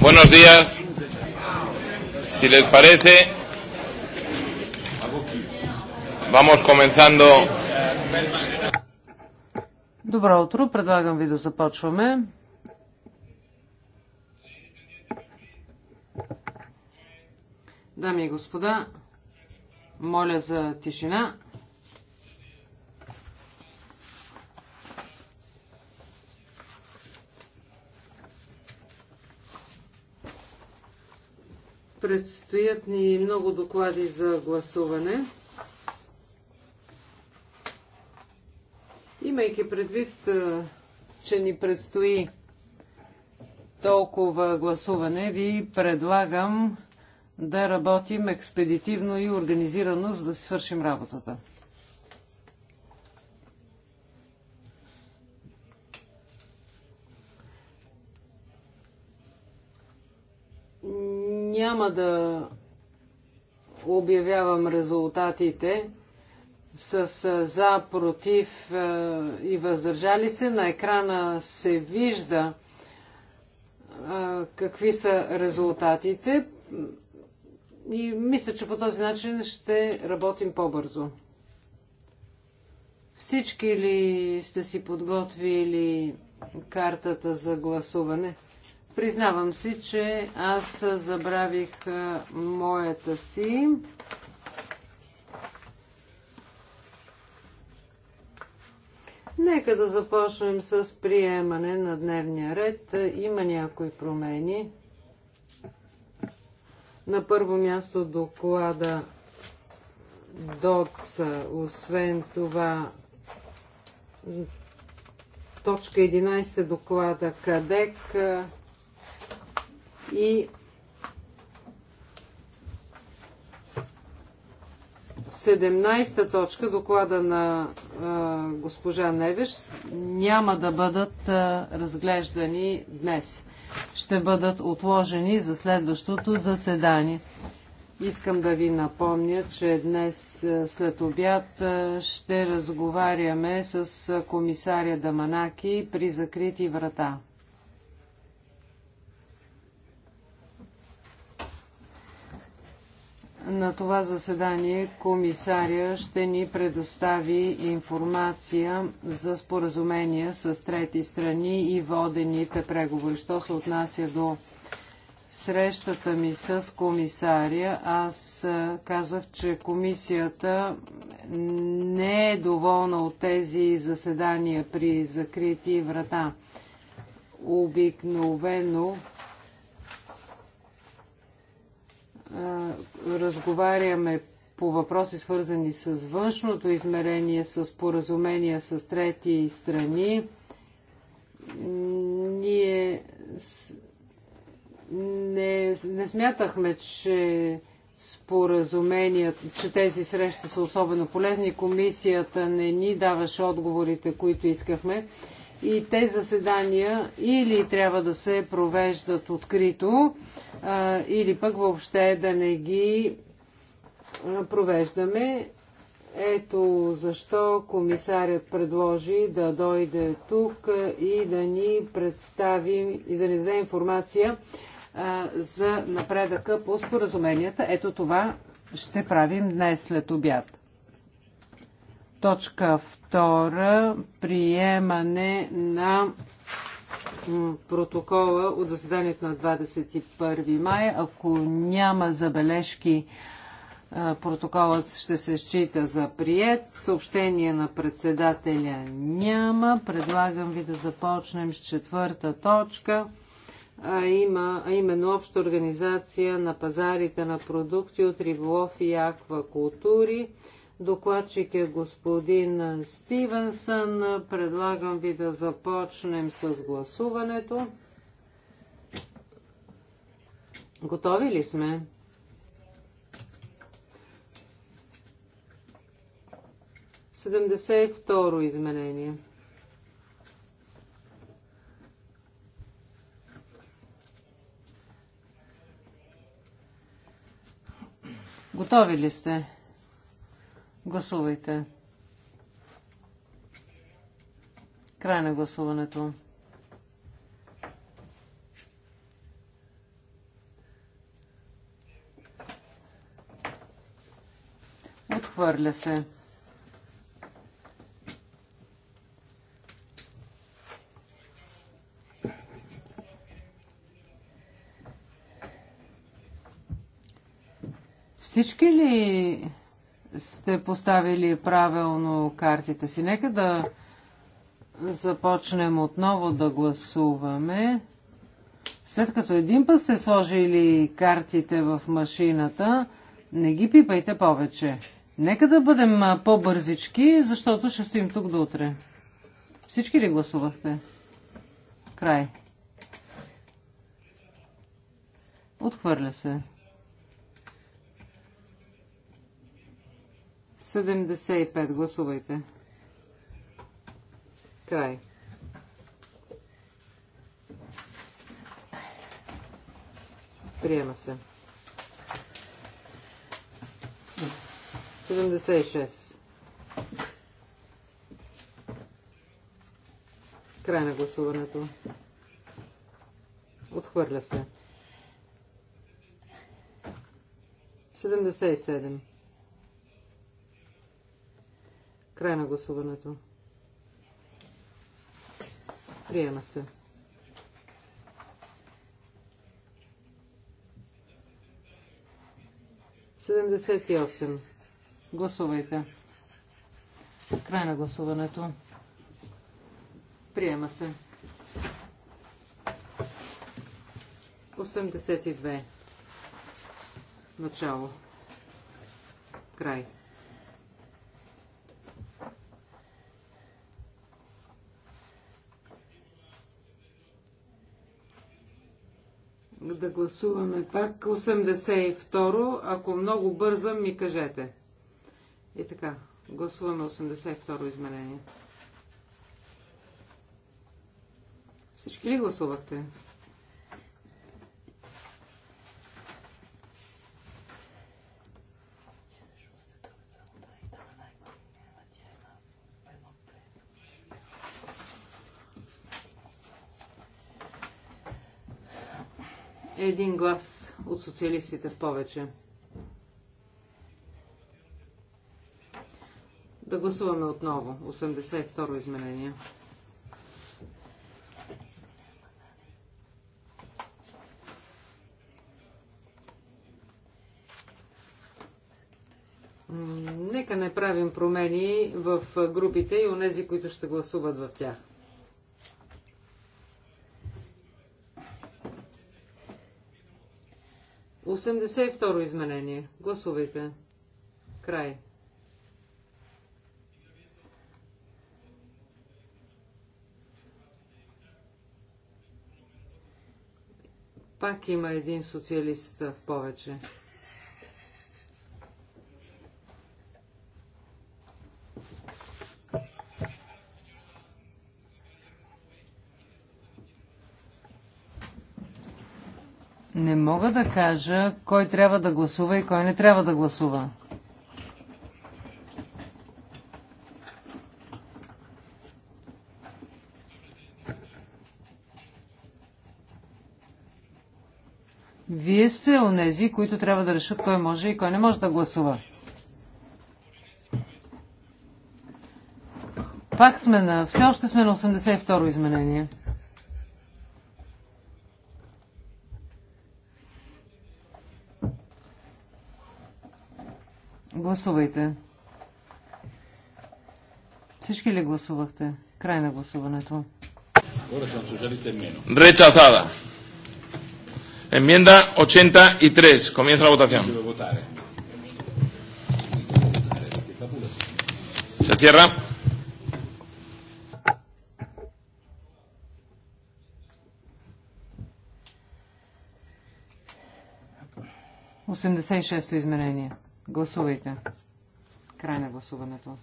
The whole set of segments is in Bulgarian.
Buenos días. Si les parece, vamos comenzando. Добро утро, предлагам ви да започваме. Дами и господа, моля за тишина. Предстоят ни много доклади за гласуване. Имайки предвид, че ни предстои толкова гласуване, ви предлагам да работим експедитивно и организирано, за да си свършим работата. Няма да обявявам резултатите с за, против и въздържали се. На екрана се вижда какви са резултатите и мисля, че по този начин ще работим по-бързо. Всички ли сте си подготвили картата за гласуване? Признавам си, че аз забравих моята си. Нека да започнем с приемане на дневния ред. Има някои промени. На първо място доклада ДОЦ, освен това точка 11 доклада КАДЕК, и Седемнайста точка, доклада на а, госпожа Невеш, няма да бъдат а, разглеждани днес. Ще бъдат отложени за следващото заседание. Искам да ви напомня, че днес след обяд ще разговаряме с комисаря Даманаки при закрити врата. на това заседание комисаря ще ни предостави информация за споразумения с трети страни и водените преговори. Що се отнася до срещата ми с комисаря, аз казах, че комисията не е доволна от тези заседания при закрити врата. Обикновено разговаряме по въпроси свързани с външното измерение, с поразумения с трети страни. Ние не, не смятахме, че споразумения, че тези срещи са особено полезни. Комисията не ни даваше отговорите, които искахме и те заседания или трябва да се провеждат открито, или пък въобще да не ги провеждаме. Ето защо комисарят предложи да дойде тук и да ни представи и да ни даде информация за напредъка по споразуменията. Ето това ще правим днес след обяд. Точка втора приемане на протокола от заседанието на 21 май. Ако няма забележки, протоколът ще се счита за прият. Съобщение на председателя няма. Предлагам ви да започнем с четвърта точка. А, има, а именно обща организация на пазарите на продукти от риболов и аквакултури. Докладчик е господин Стивенсън. Предлагам ви да започнем с гласуването. Готови ли сме? Седемдесет и второ изменение. Готови ли сте? Гласувайте. Край на гласуването. Отхвърля се. Всички ли сте поставили правилно картите си. Нека да започнем отново да гласуваме. След като един път сте сложили картите в машината, не ги пипайте повече. Нека да бъдем по-бързички, защото ще стоим тук до утре. Всички ли гласувахте? Край. Отхвърля се. 75. Гласувайте. Край. Приема се. 76. Край на гласуването. Отхвърля се. 77. Край на гласуването. Приема се. Седемдесет и осем. Гласувайте. Край на гласуването. Приема се. 82. Начало. Край. гласуваме пак. 82. Ако много бързам, ми кажете. И така, гласуваме 82 изменение. Всички ли гласувахте? един глас от социалистите в повече. Да гласуваме отново. 82-ро изменение. Нека не правим промени в групите и онези, които ще гласуват в тях. 82 изменение. Гласувайте. Край. Пак има един социалист в повече. мога да кажа кой трябва да гласува и кой не трябва да гласува. Вие сте онези, които трябва да решат кой може и кой не може да гласува. Пак сме на... Все още сме на 82-ро изменение. Гласувайте. Всички ли гласувахте? Край на гласуването. Rechazada. Enmienda 83. Comienza la votación. Se cierra. Осемдесет и шесто изменение. Гласувайте. Край на гласуването.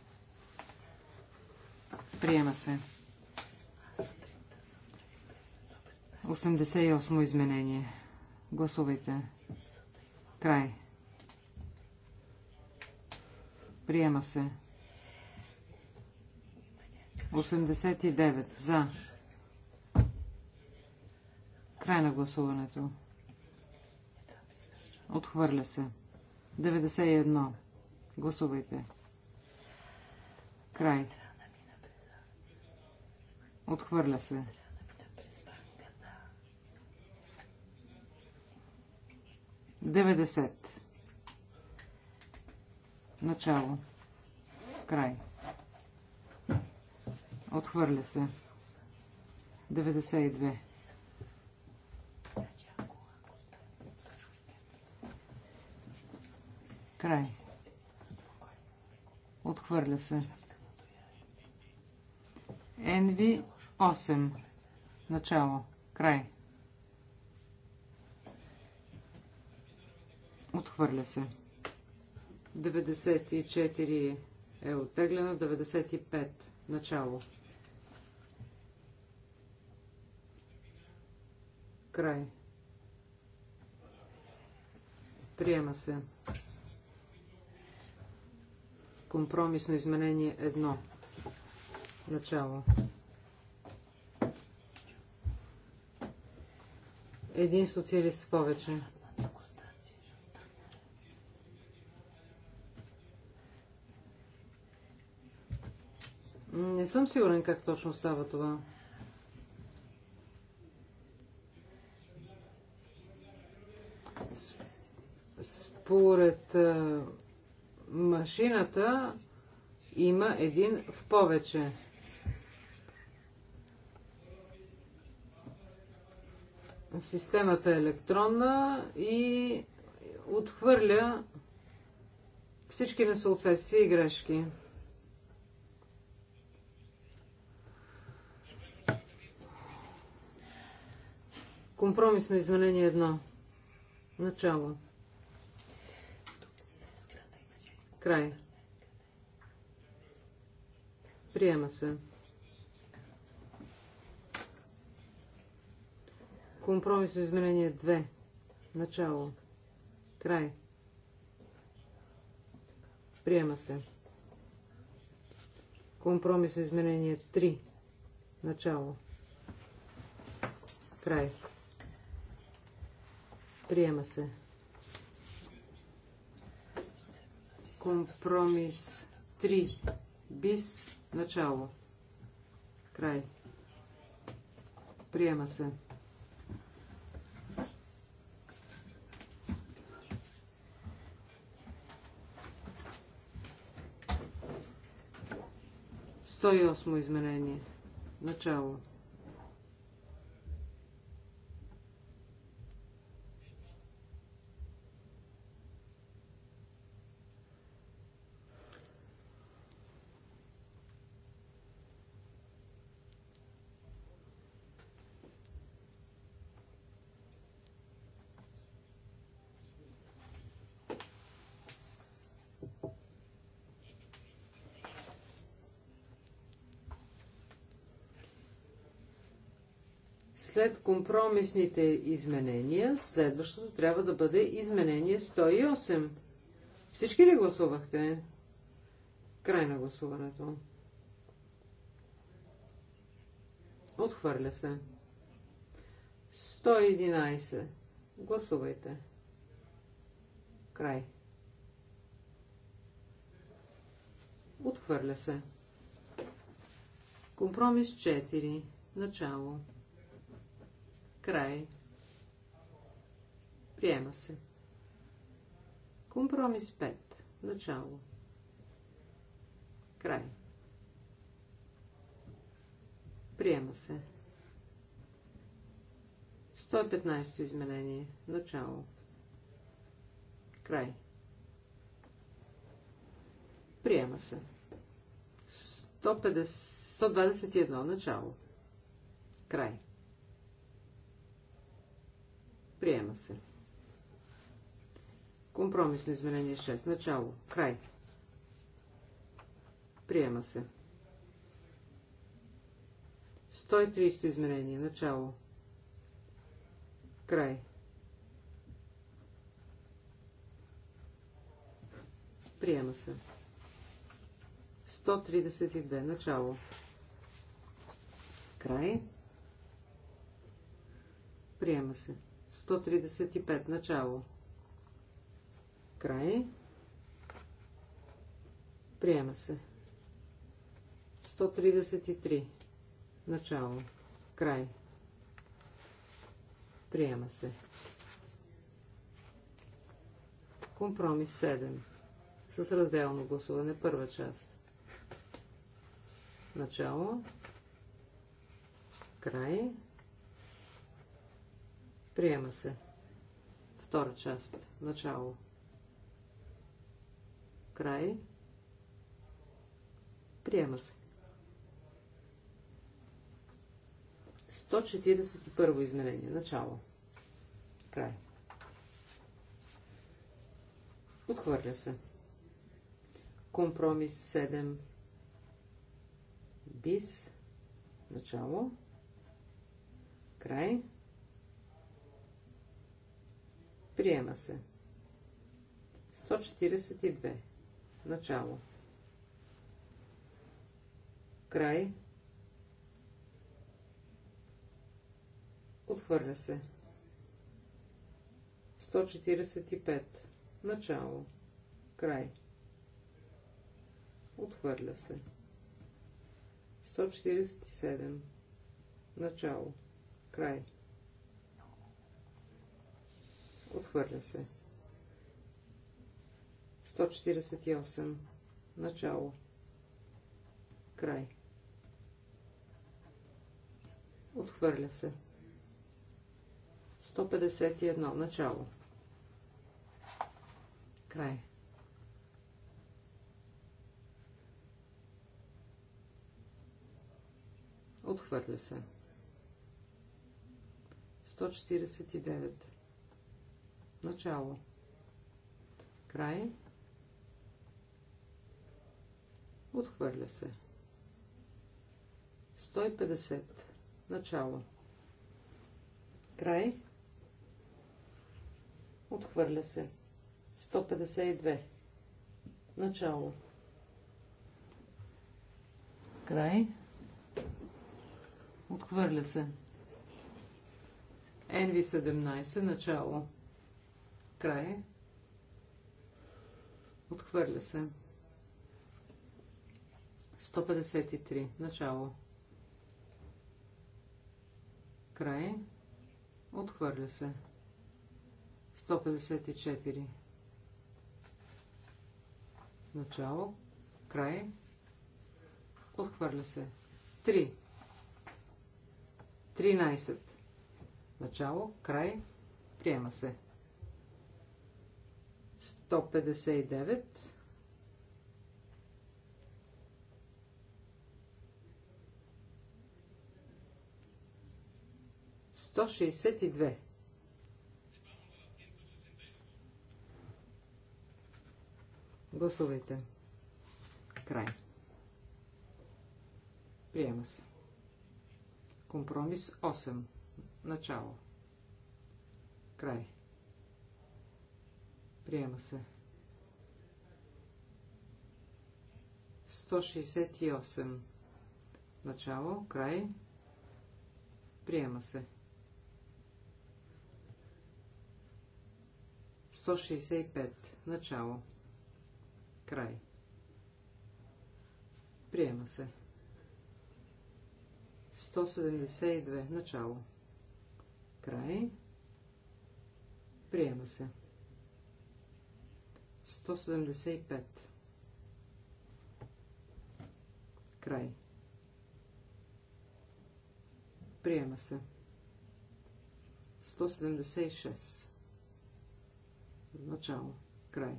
Приема се. 88 изменение. Гласувайте. Край. Приема се. 89 за. Край на гласуването. Отхвърля се. 91. Гласувайте. Край. Отхвърля се. Деведесет. Начало. Край. Отхвърля се. 92. Край. Отхвърля се. Енви 8. Начало. Край. Отхвърля се. 94 е оттеглено. 95. Начало. Край. Приема се. Компромисно изменение 1. Начало. Един социалист повече. Не съм сигурен как точно става това. Според машината има един в повече. Системата е електронна и отхвърля всички несъответствия и грешки. Компромисно изменение едно. Начало. Край. Приема се. Компромисно изменение 2. Начало. Край. Приема се. Компромисно изменение 3. Начало. Край. Приема се. Компромис 3. Бис. Начало. Край. Приема се. Сто и осмо изменение. Начало. след компромисните изменения, следващото трябва да бъде изменение 108. Всички ли гласувахте? Край на гласуването. Отхвърля се. 111. Гласувайте. Край. Отхвърля се. Компромис 4. Начало. Край. Приема се. Компромис 5. Начало. Край. Приема се. 115 изменение. Начало. Край. Приема се. 150, 121. Начало. Край. Приема се. Компромисно изменение 6. Начало. Край. Приема се. 130 изменение. Начало. Край. Приема се. 132. Начало. Край. Приема се. 133. 135. Начало. Край. Приема се. 133. Начало. Край. Приема се. Компромис 7. С разделно гласуване. Първа част. Начало. Край. Приема се. Втора част. Начало. Край. Приема се. 141 измерение. Начало. Край. Отхвърля се. Компромис 7. Бис. Начало. Край. Приема се. 142. Начало. Край. Отхвърля се. 145. Начало. Край. Отхвърля се. 147. Начало. Край. Отхвърля се. 148. Начало. Край. Отхвърля се. 151. Начало. Край. Отхвърля се. 149. Начало. Край. Отхвърля се. 150. Начало. Край. Отхвърля се. 152. Начало. Край. Отхвърля се. NV17. Начало. Край. Отхвърля се. 153. Начало. Край. Отхвърля се. 154. Начало. Край. Отхвърля се. 3. 13. Начало. Край. Приема се. 162 Гласувайте. Край. Приема се. Компромис 8. Начало. Край. Приема се. 168. Начало, край. Приема се. 165. Начало. Край. Приема се. 172. Начало. Край. Приема се. 175. Край. Приема се. 176. Начало. Край.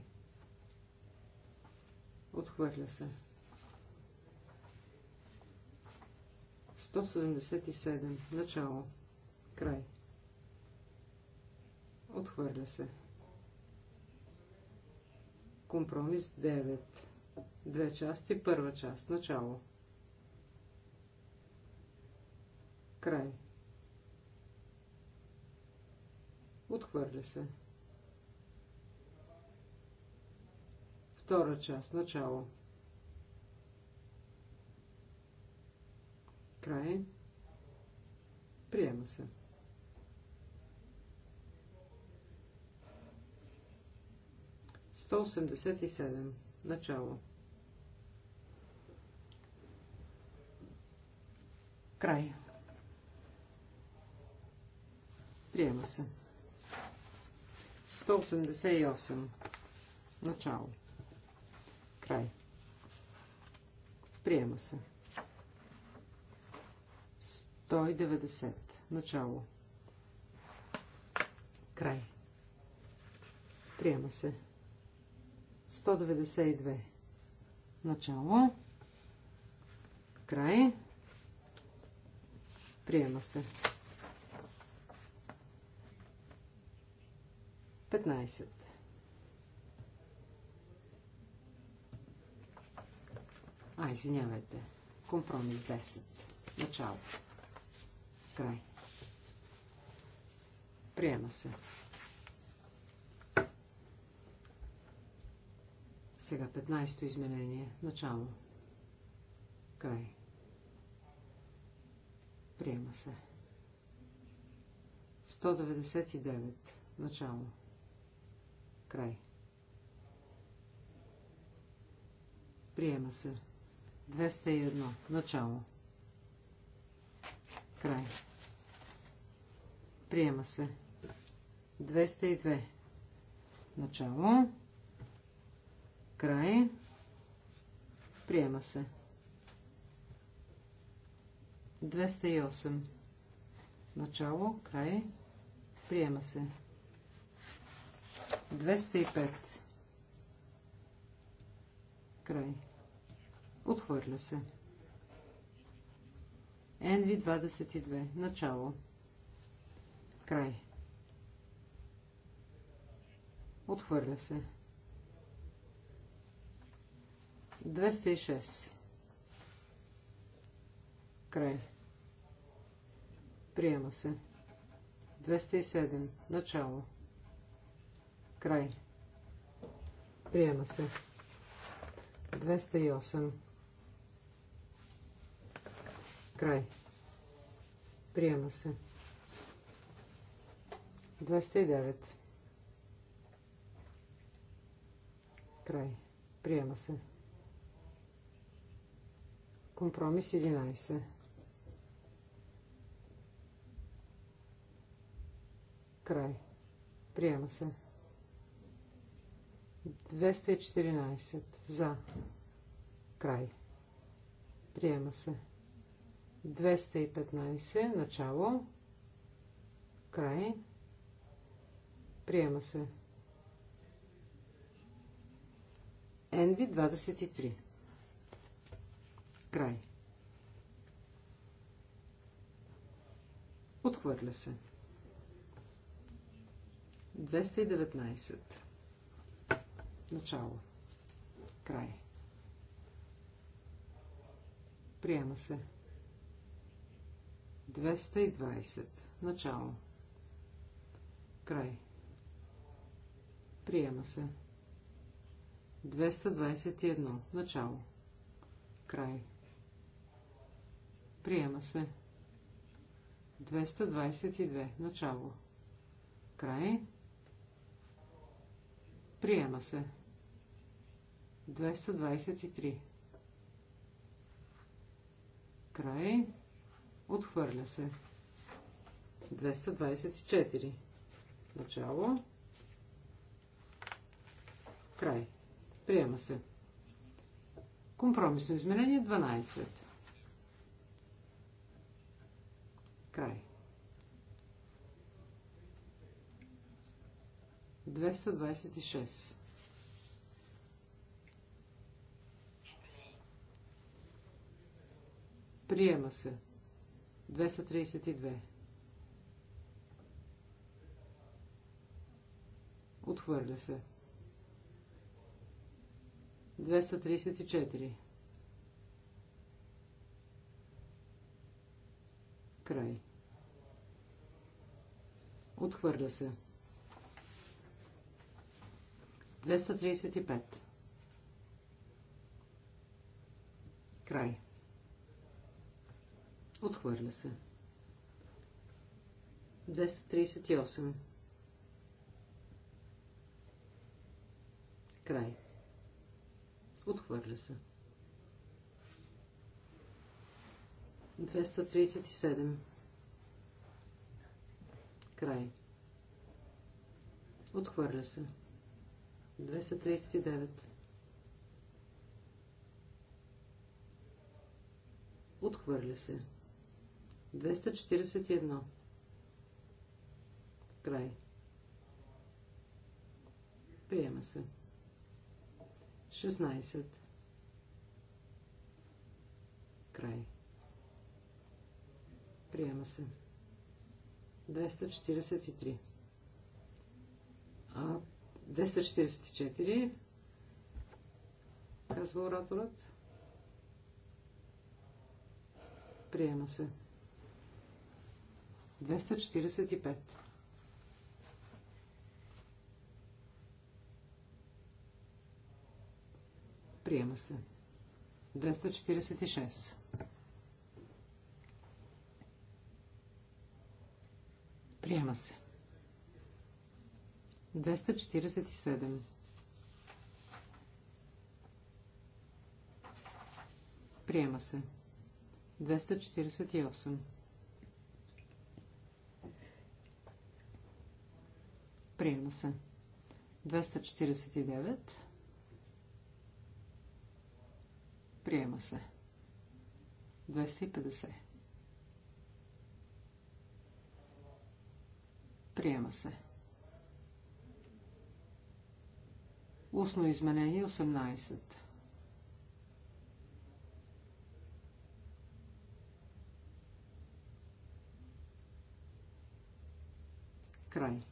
Отхвърля се. 177. Начало. Край. Отхвърля се. Компромис 9. Две части. Първа част. Начало. Край. Отхвърля се. Втора част. Начало. Край. Приема се. 187. Начало. Край. Приема се. 188. Начало. Край. Приема се. 190. Начало. Край. Приема се. 192. Начало. Край. Приема се. 15. А, извинявайте. Компромис 10. Начало. Край. Приема се. Сега 15-то изменение. Начало. Край. Приема се. 199. Начало. Край. Приема се. 201. Начало. Край. Приема се. 202. Начало. Край. Приема се. 208. Начало, край. Приема се. 205. Край. Отхвърля се. NV 22. Начало. Край. Отхвърля се. 206. Край. Приема се. 207. Начало. Край. Приема се. 208. Край. Приема се. 209. Край. Приема се. 210. Компромис 11. Край. Приема се. 214. За. Край. Приема се. 215. Начало. Край. Приема се. Енви 23. Край. Отхвърля се. 219. Начало. Край. Приема се. 220. Начало. Край. Приема се. 221. Начало. Край. Приема се. 222. Начало. Край. Приема се. 223. Край. Отхвърля се. 224. Начало. Край. Приема се. Компромисно изменение 12. Край. 226. Приема се. 232. Отхвърля се. 234. Край. Отхвърля се. 235. Край. Отхвърля се. 238. Край. Отхвърля се. 239. 237. Край. Отхвърля се. 239. Отхвърля се. 241. Край. Приема се. 16. Край. Приема се. 243. А 244. Казва ораторът. Приема се. 245. Приема се. 246. Приема се. 247. Приема се. 248. Приема се. 249. Приема се. 250. Приема се. Устно изменение 18. Край.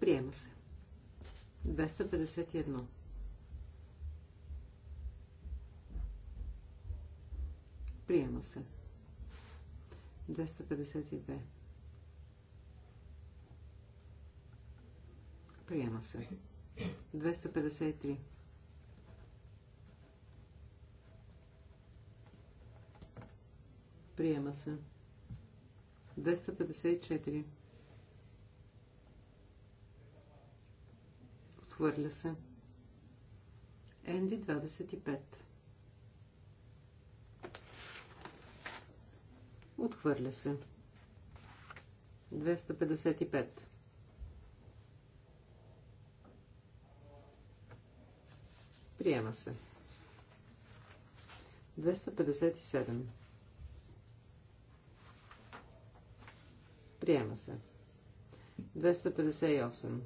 Приема се. 251. Приема се. 252. Приема се. 253. Приема се. 254. Отхвърля се. NV25. Отхвърля се. 255. Приема се. 257. Приема се. 258.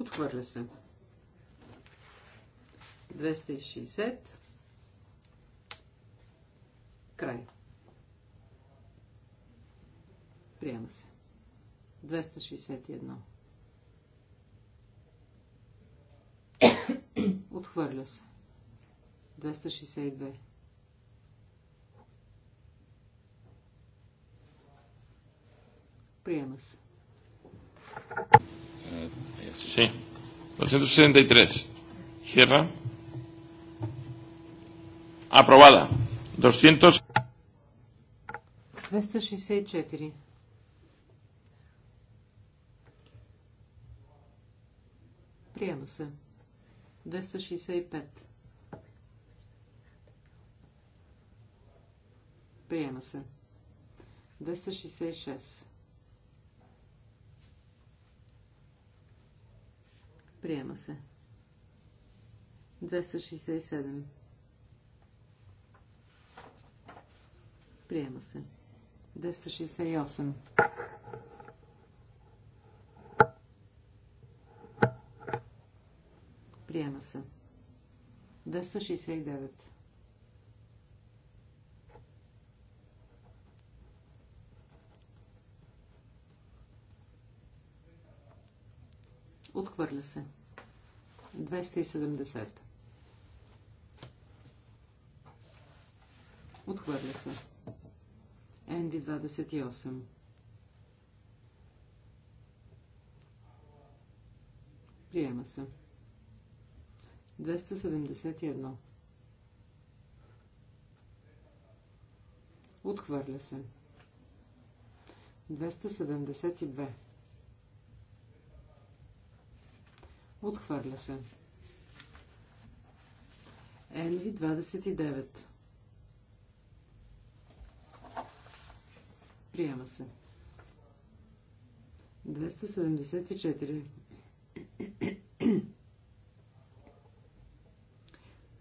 Отхвърля се. 260. Край. Приема се. 261. Отхвърля се. 262. Приема се. Sí. 273. Cierra. Aprobada. 200. 264. Приема се. 265. Приема се. 266. Приема се. 267. Приема се. 268. Приема се. 269. Отхвърля се. 270. Отхвърля се. Енди 28. Приема се. 271. Отхвърля се. 272. Отхвърля се. Енви 29. Приема се. 274.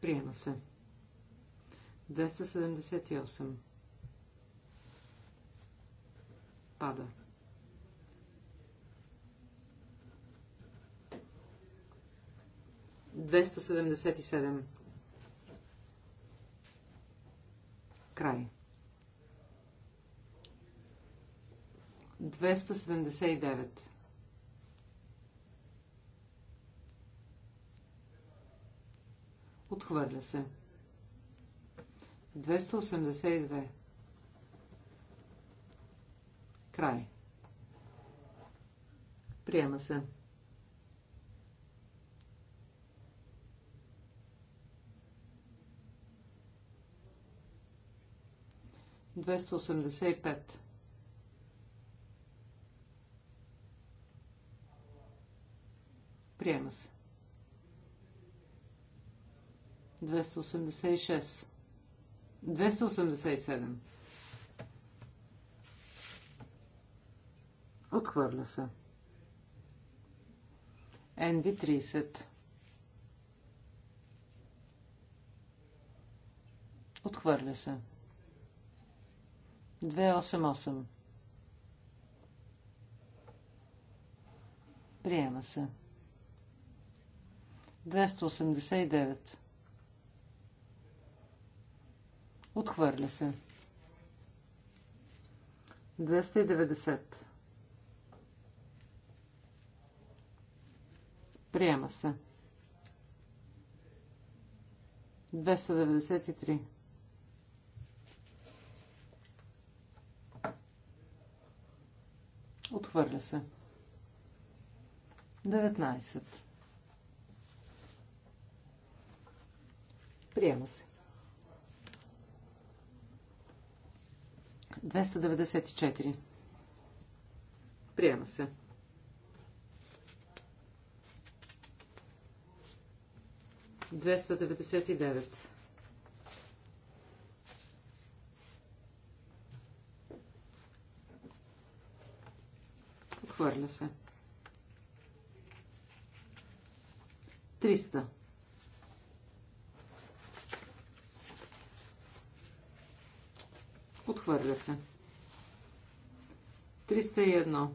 Приема се. 278. Пада. Двеста седемдесет и седем. Край. Двеста седемдесет и девет. Отхвърля се. 282. Край. Приема се. Двеста осемдесет и пет. Приема се. 286. 287. Отхвърля се. NV30. Отхвърля се. 288. Приема се. 289. Отхвърля се. 290. Приема се. 293. Отхвърля се. 19. Приема се. 294. Приема се. Двеста деветдесет и девет. Отхвърля се. Триста. Отхвърля се. 301.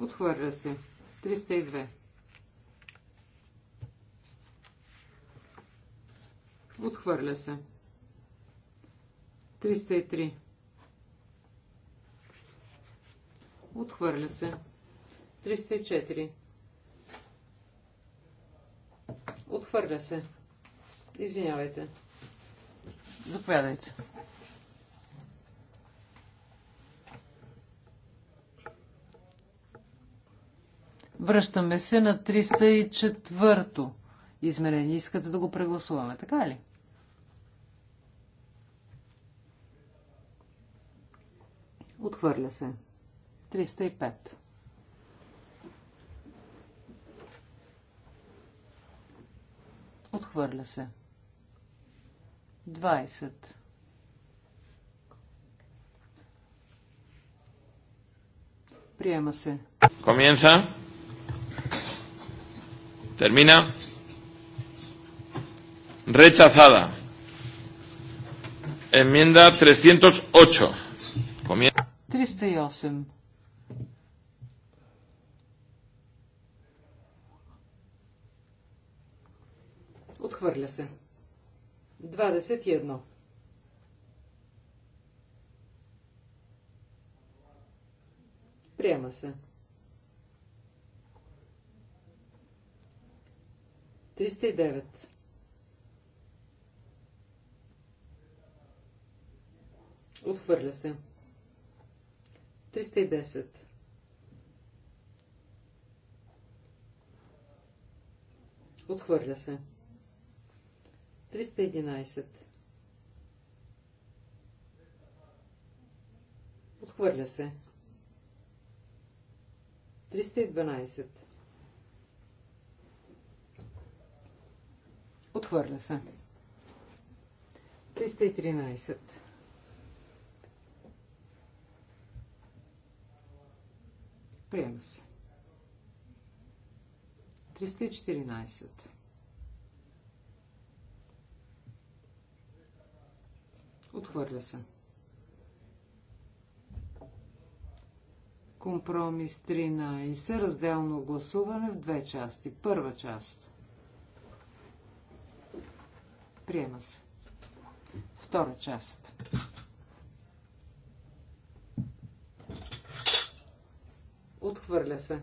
Отхвърля се. 302. Отхвърля се. 303. Отхвърля се. 304. Отхвърля се. Извинявайте. Заповядайте. Връщаме се на 304-то измерение. Искате да го прегласуваме, така ли? Отхвърля се. 305. Отхвърля се. 306. 20. Приема се. Comienza. Termina. Rechazada. Enmienda 308. Comienza. 308. Отхвърля се. 21. Приема се. 309. Отхвърля се. 310. Отхвърля се. 311. 311. Отхвърля се. 312. Отхвърля се. 313. Приема се. 314. Отхвърля се. Компромис 13. Разделно гласуване в две части. Първа част. Приема се. Втора част. Отхвърля се.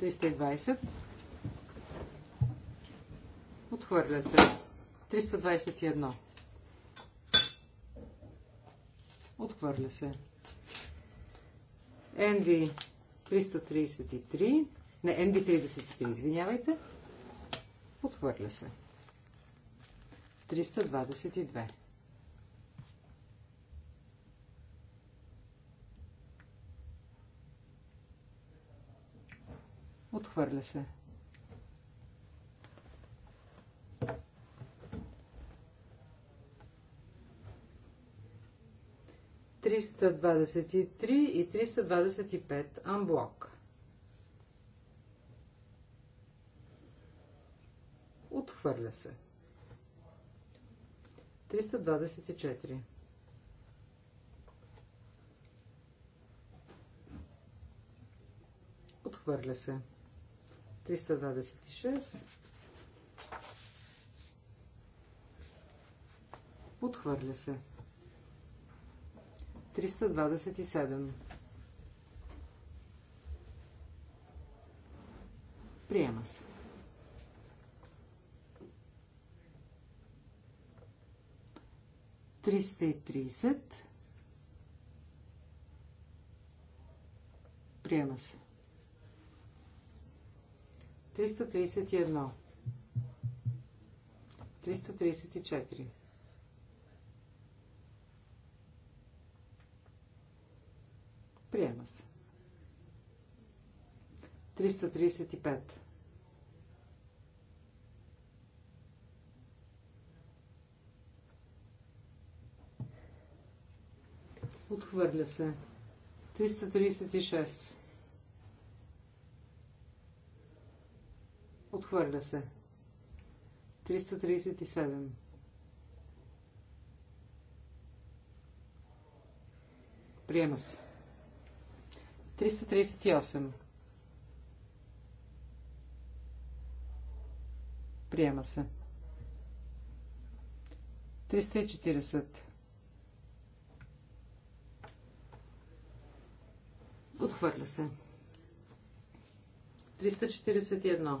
320. Отхвърля се. 321. Отхвърля се. NV 333. Не, NV 33, извинявайте. Отхвърля се. 322. Отхвърля се. Триста двадесет и три и триста двадесет и пет амблок. Отхвърля се. Триста двадесет и четири. Отхвърля се. 326. Отхвърля се. 327. Приема се. Триста и тридесет. Приема се. 334. Приема се. 335. Отхвърля се. 336. Отхвърля се. 337. Приема се. 338. Приема се. 340. Отхвърля се. 341.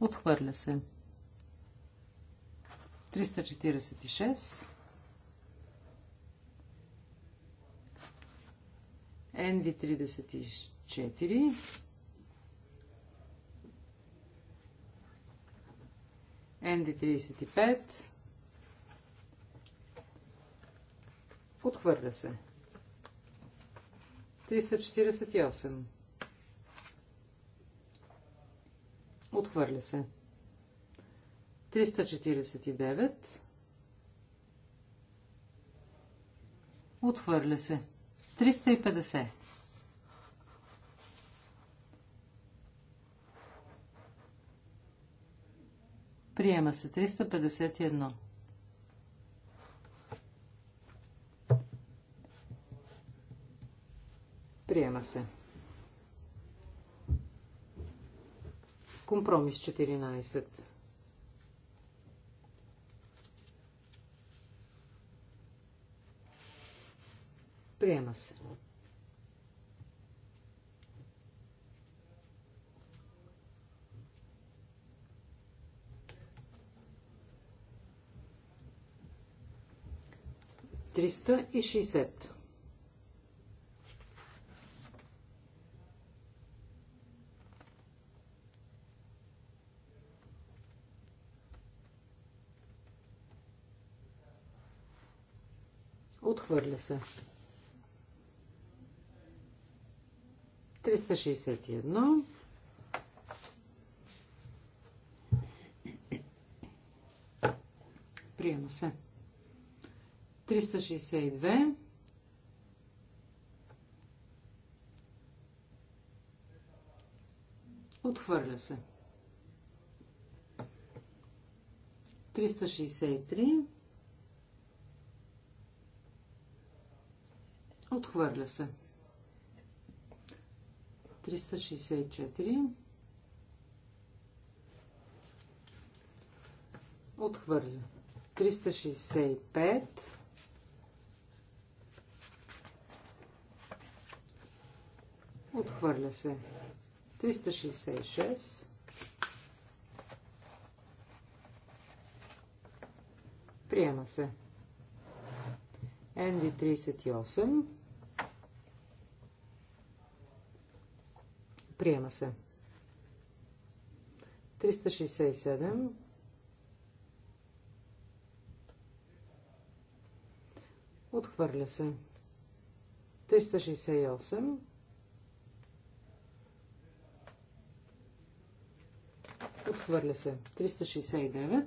Отхвърля се. 346. NV34. ND35. Отхвърля се. 348. Отхвърля се. 349. Отхвърля се. 350. Приема се 351. Приема се. Компромис 14. Приема се. Триста и шестьдесят. Отхвърля се. 361. Приема се. 362. Отхвърля се. 363. Отхвърля се. 364. Отхвърля. 365. Отхвърля се. 366. Приема се. 367. NV38. Приема се. 367. Отхвърля се. 368. Отхвърля се. 369.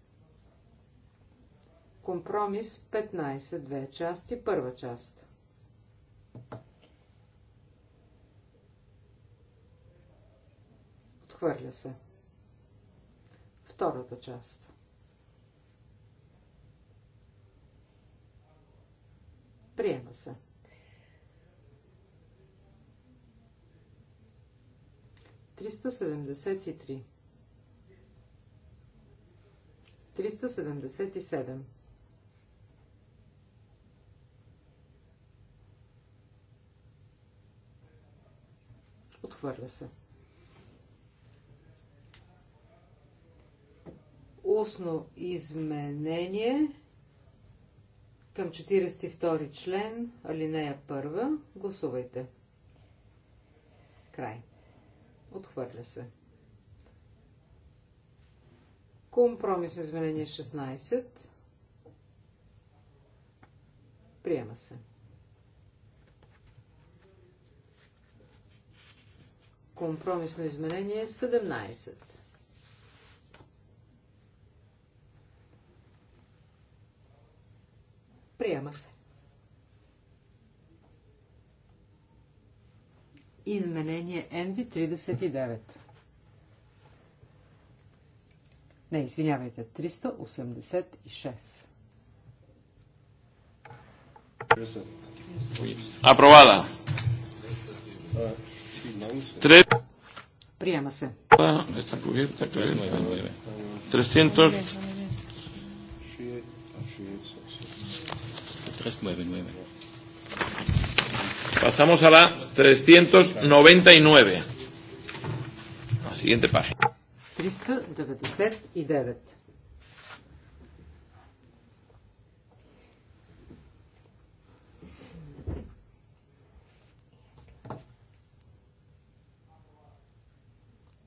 Компромис 15, две части, първа част. Отхвърля се. Втората част. Приема се. Триста седемдесет и три. Триста седемдесет и седем. Отхвърля се. Устно изменение към 42 член, алинея 1. Гласувайте. Край. Отхвърля се. Компромисно изменение 16. Приема се. Компромисно изменение 17. Приема се. Изменение NV39. Не, извинявайте, 386. Апровада. Tres. Приема се. 399. Pasamos a la 399. La siguiente página. 399.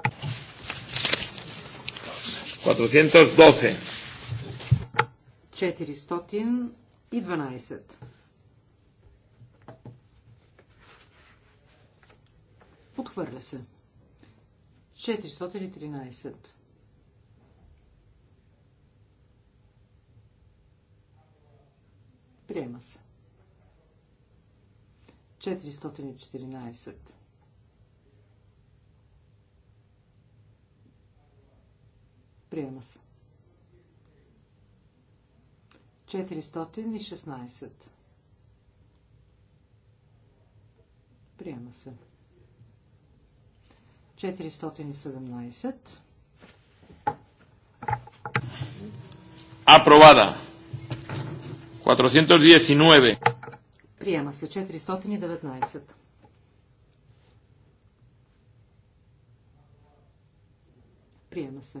412. Отхвърля се. 413. Приема се. 414. Приема се. 416. Приема се. 417. Aprobada. 419. Приема се 419. Приема се.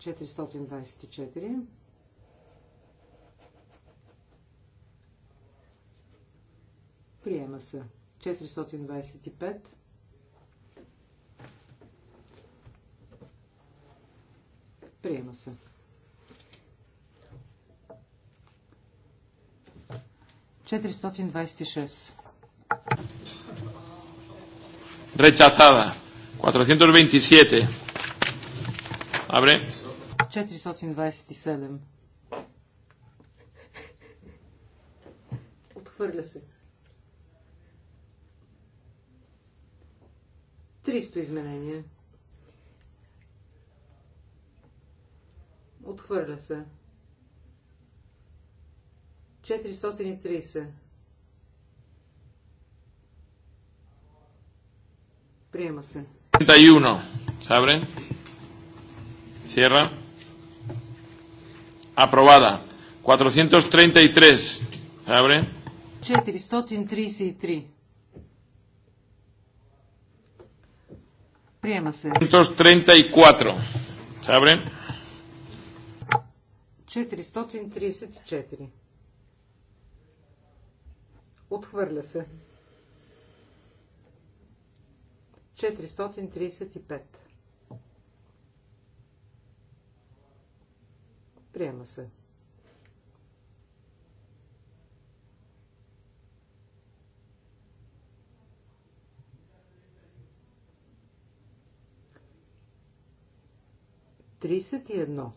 424. Приема се. 425. Приема се. Четиристотин двадесет и шест. Rechazada. 427. Abre. 427. Отхвърля се. 300 изменения. Отхвърля се. 430. Приема се. 31. Сабре. Сierra. Aprobada. 433. Abre. 433. Приема се. 434. Се abre. 434. Отхвърля се. 435. Приема се. Трисет и едно.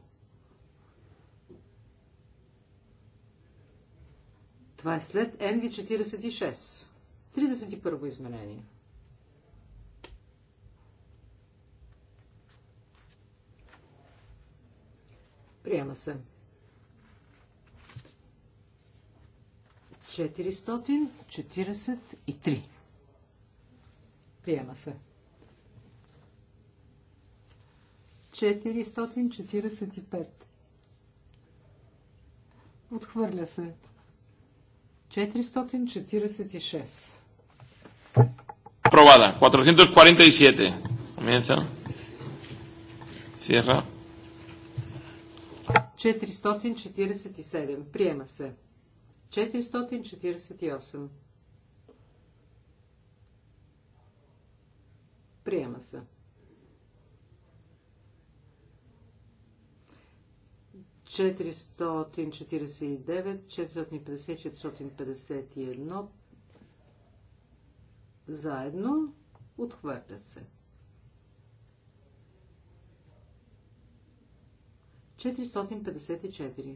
Това е след NV46. 31 изменение. Приема се. 443. Приема се. 445. Отхвърля се. 446. Aprobada. 447. Comienza. Cierra. 447. Приема се. 448. Приема се. 449, 450, 451 заедно отхвърлят се. 454.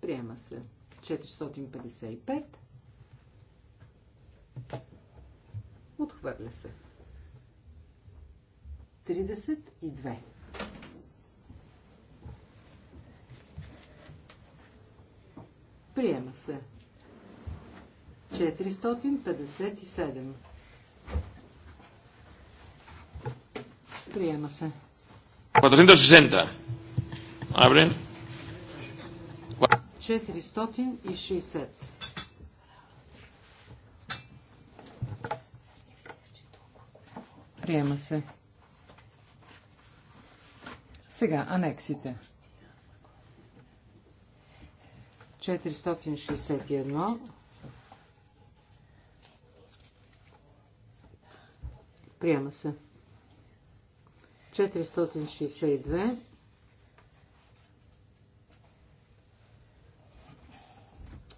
Приема се. 455. Отхвърля се. 32. Приема се. 457. Приема се. 460. Абре. 460. Приема се. Сега, анексите. 461. Приема се. 462.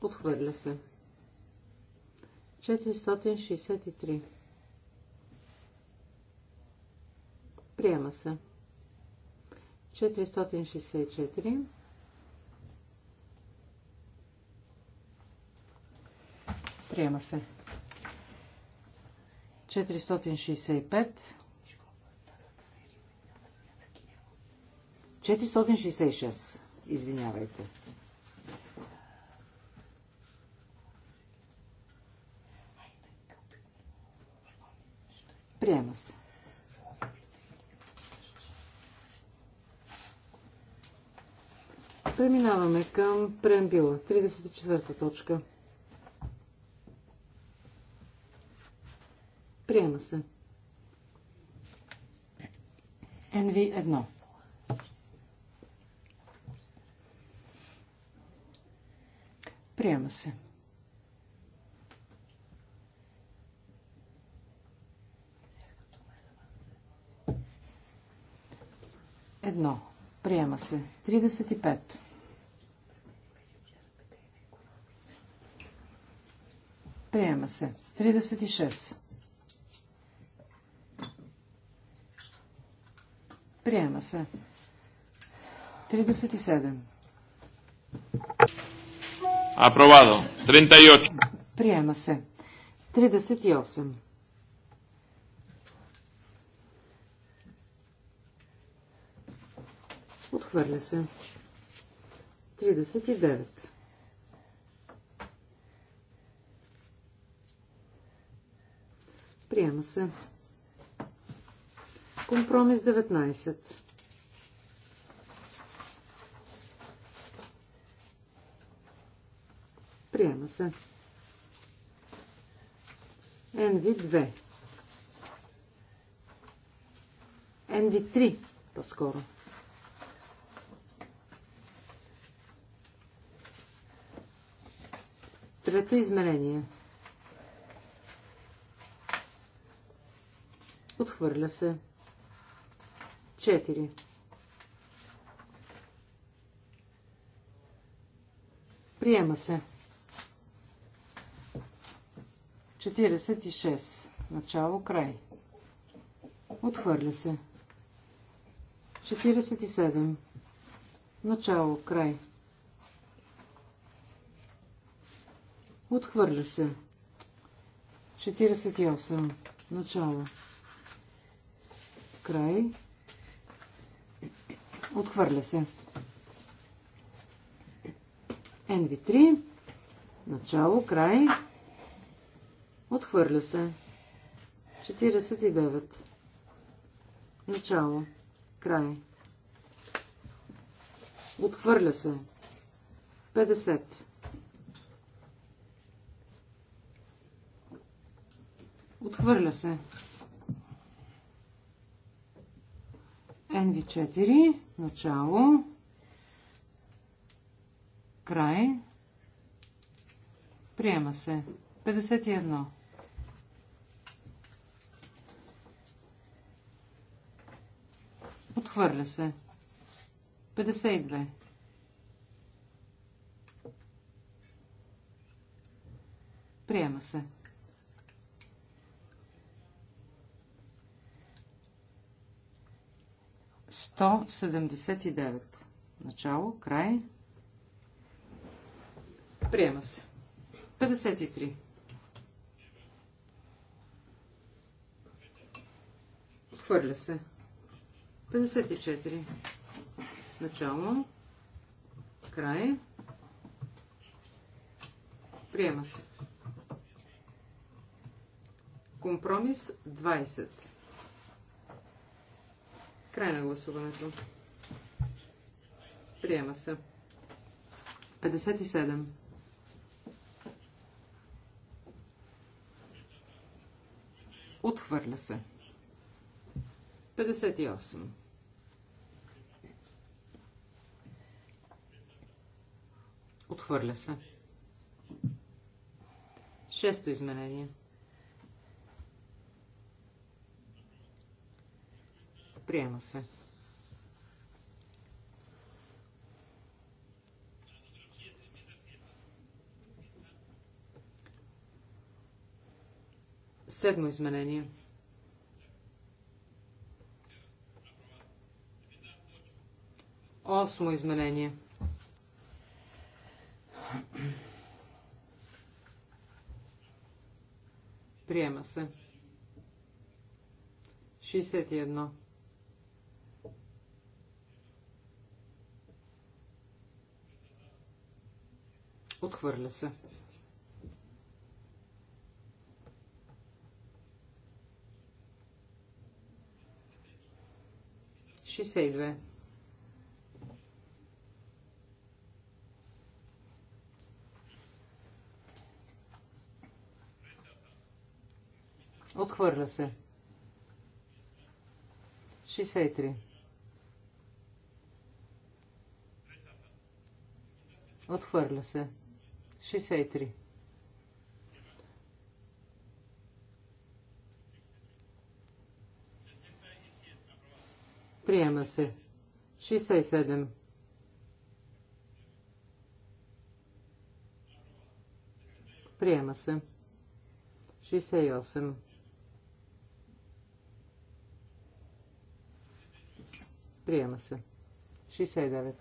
Отхвърля се. 463. Приема се. 464. Приема се. 465. 466. Извинявайте. Приема се. Преминаваме към преамбила. 34 та точка. Приема се. NV1. Приема се. Едно. Приема се. 35. Приема се. 36. Приема се. 37. Aprobado. 38. Приема се. 38. Отхвърля се. 39. Приема се. Компромис 19. Приема се. NV2. NV3 по-скоро. Трето измерение. Отхвърля се. 4. Приема се. 46. Начало, край. Отхвърля се. 47. Начало, край. Отхвърля се. 48. Начало. Край. Отхвърля се. NV3. Начало, край. Отхвърля се. 49. Начало. Край. Отхвърля се. 50. Отхвърля се. NV4. Начало. Край. Приема се. 51. Отхвърля се. 52. Приема се. Сто седемдесет и девет. Начало, край. Приема се. 53. Отхвърля се. 54. Начало. Край. Приема се. Компромис 20. Край на гласуването. Приема се. 57. Отхвърля се. 58. Отхвърля се. Шесто изменение. Приема се. Седмо изменение. Осмо изменение. Приема се. 61. Отхвърля се. Шестдесет и две. Отхвърля се. 63. Отхвърля се. 63. Приема се. 67. Приема се. 68. Приема се. 69.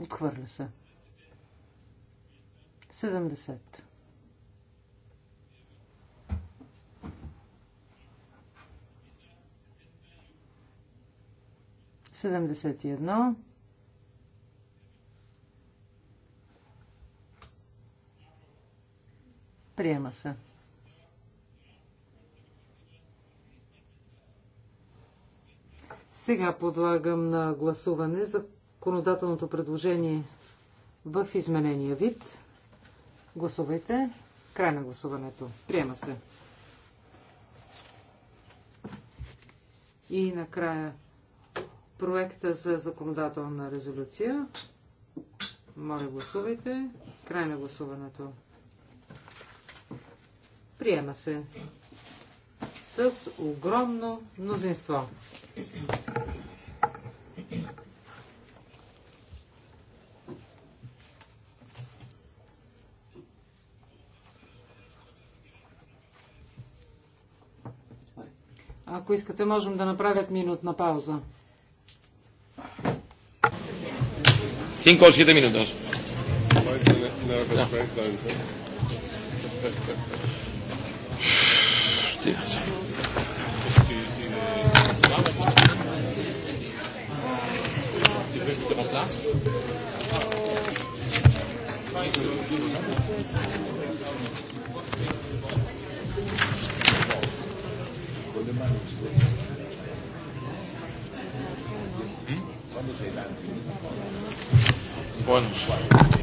Отхвърля се. 70. Седемдесет и едно. Приема се. Сега подлагам на гласуване законодателното предложение в изменения вид. Гласувайте. Край на гласуването. Приема се. И накрая проекта за законодателна резолюция. Моля, гласувайте. Край на гласуването. Приема се с огромно мнозинство. Ако искате, можем да направят минутна пауза. 5 o 7 minutos. Hostias. Thank you. con le mani Quando sei tanto? Buono.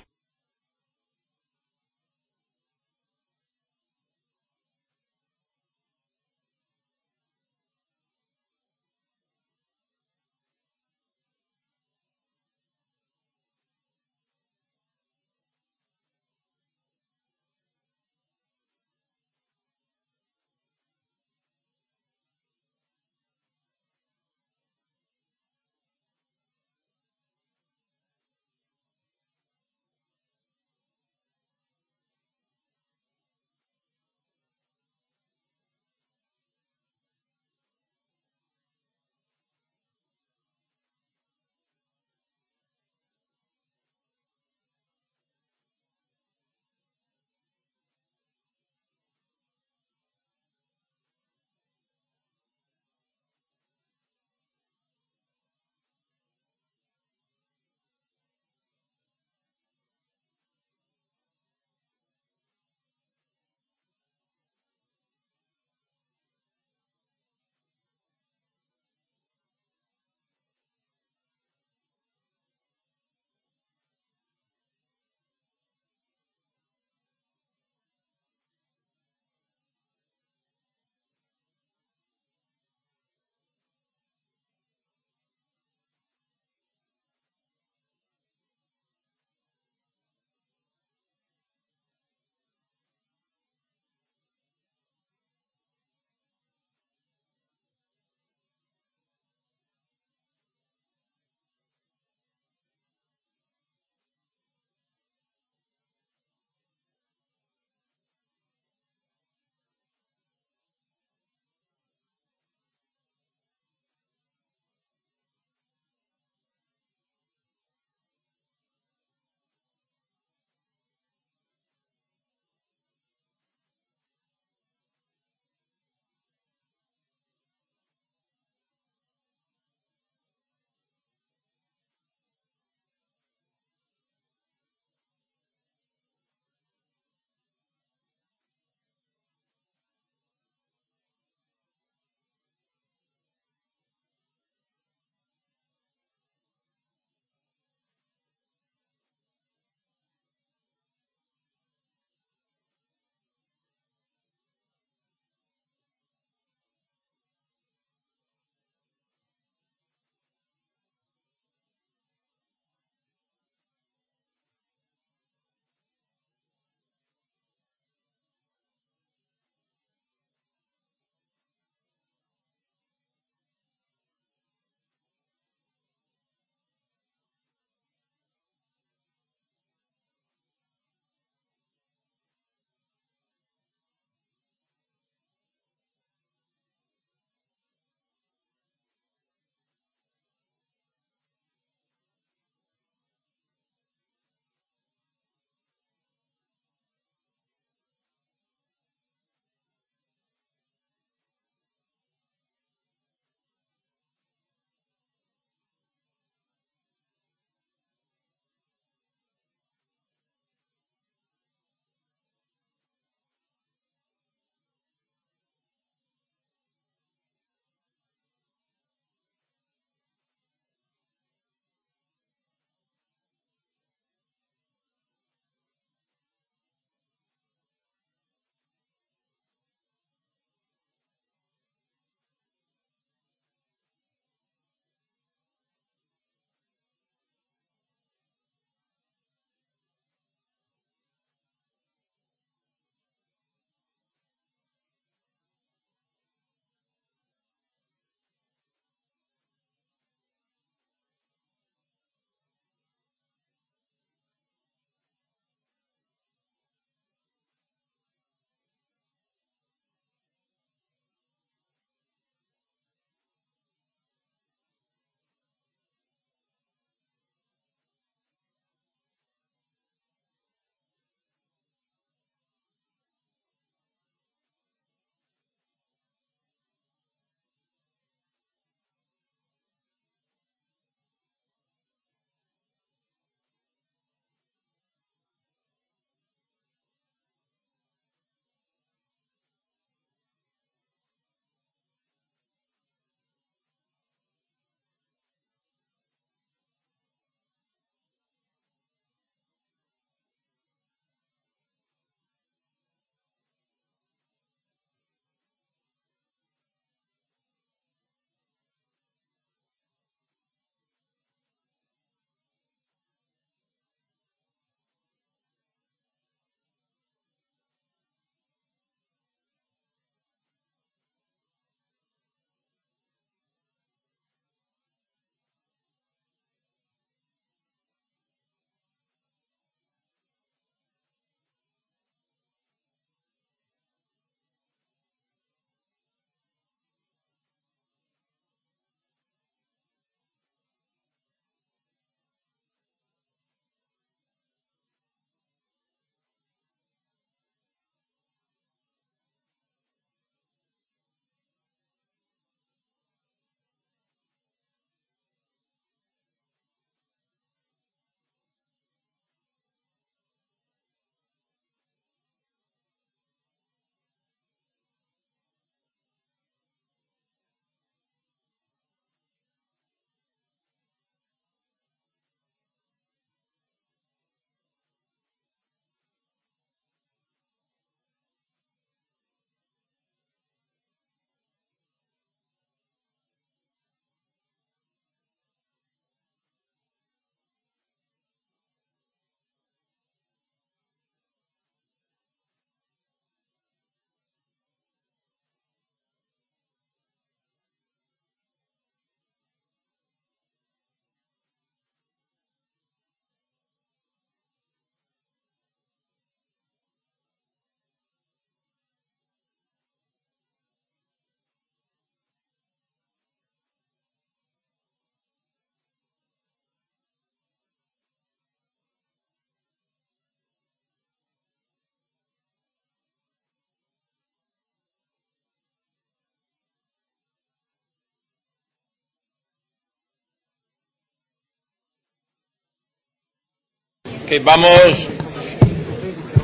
que vamos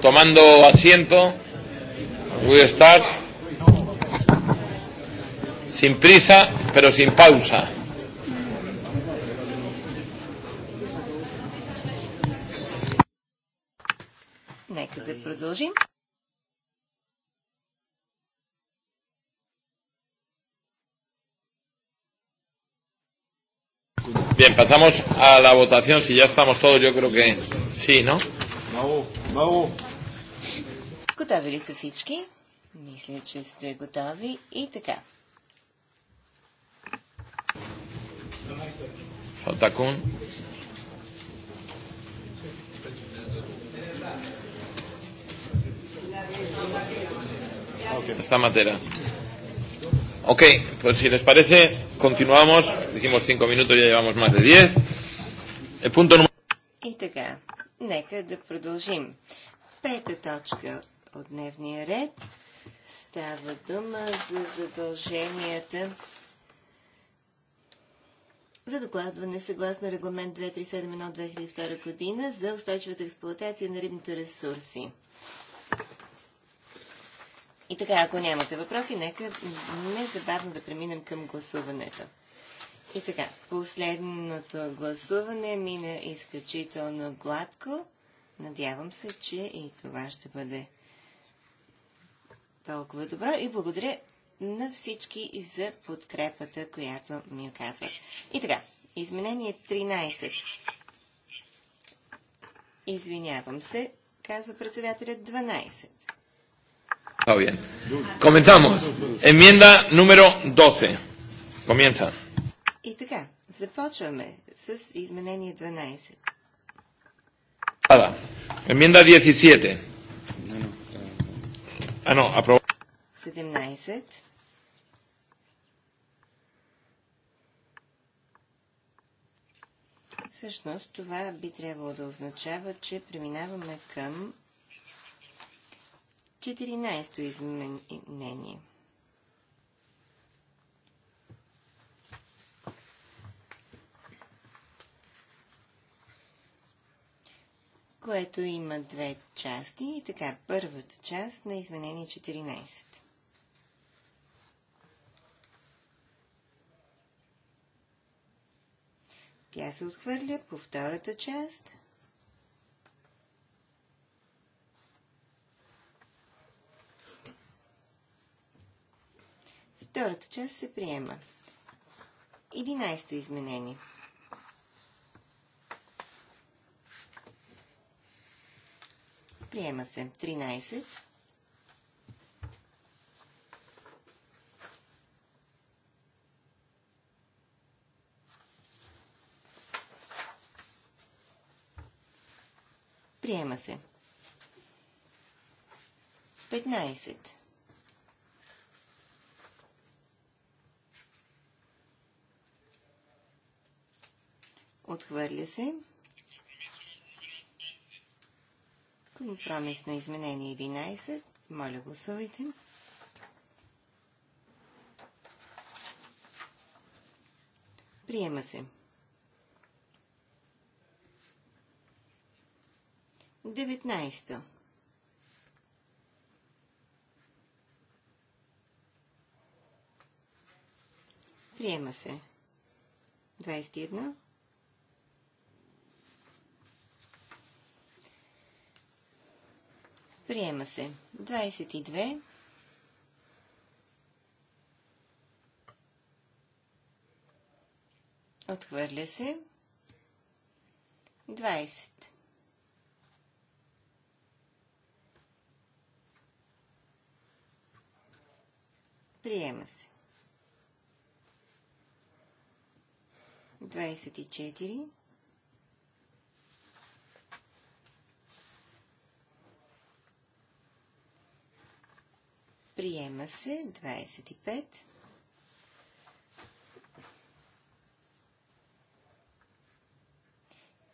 tomando asiento. Voy a estar sin prisa, pero sin pausa. Нека да продължим. Bien, pasamos a la votación. Si ya estamos todos, yo creo que sí, ¿no? Falta браво. Esta materia. Ok, pues si les parece, continuamos. Hicimos cinco minutos, ya llevamos más de 10. El punto número... И така, нека да продължим. Пета точка от дневния ред. Става дума за задълженията за докладване съгласно регламент 2371-2002 година за устойчивата експлуатация на рибните ресурси. И така, ако нямате въпроси, нека незабавно да преминем към гласуването. И така, последното гласуване мина изключително гладко. Надявам се, че и това ще бъде толкова добро. И благодаря на всички за подкрепата, която ми оказват. И така, изменение 13. Извинявам се, казва председателят 12. Está ah, bien. Comenzamos. Enmienda número 12. Comienza. И така, започваме с изменение 12. Ада. Enmienda 17. Ah, no, aprobó. 17. Всъщност това би трябвало да означава, че преминаваме към 14-то изменение. което има две части и така първата част на изменение 14. Тя се отхвърля по втората част – Втората част се приема. 11 изменение. Приема се 13. Приема се. 15. Отхвърля се. на изменение 11. Моля, гласувайте. Приема се. Деветнайсто. Приема се. едно. Приема се. 22. Отхвърля се. 20. Приема се. 24. Приема се 25.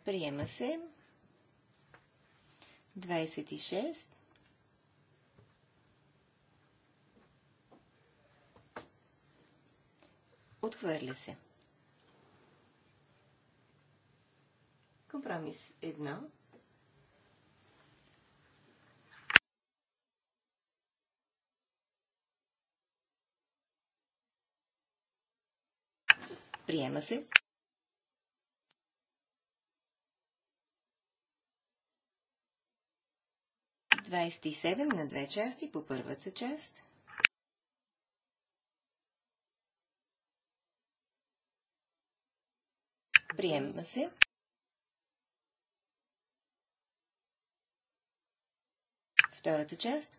Приема се 26. Отхвърля се. Компромис 1. Приема се. Двадесет и седем на две части по първата част. Приема се. Втората част.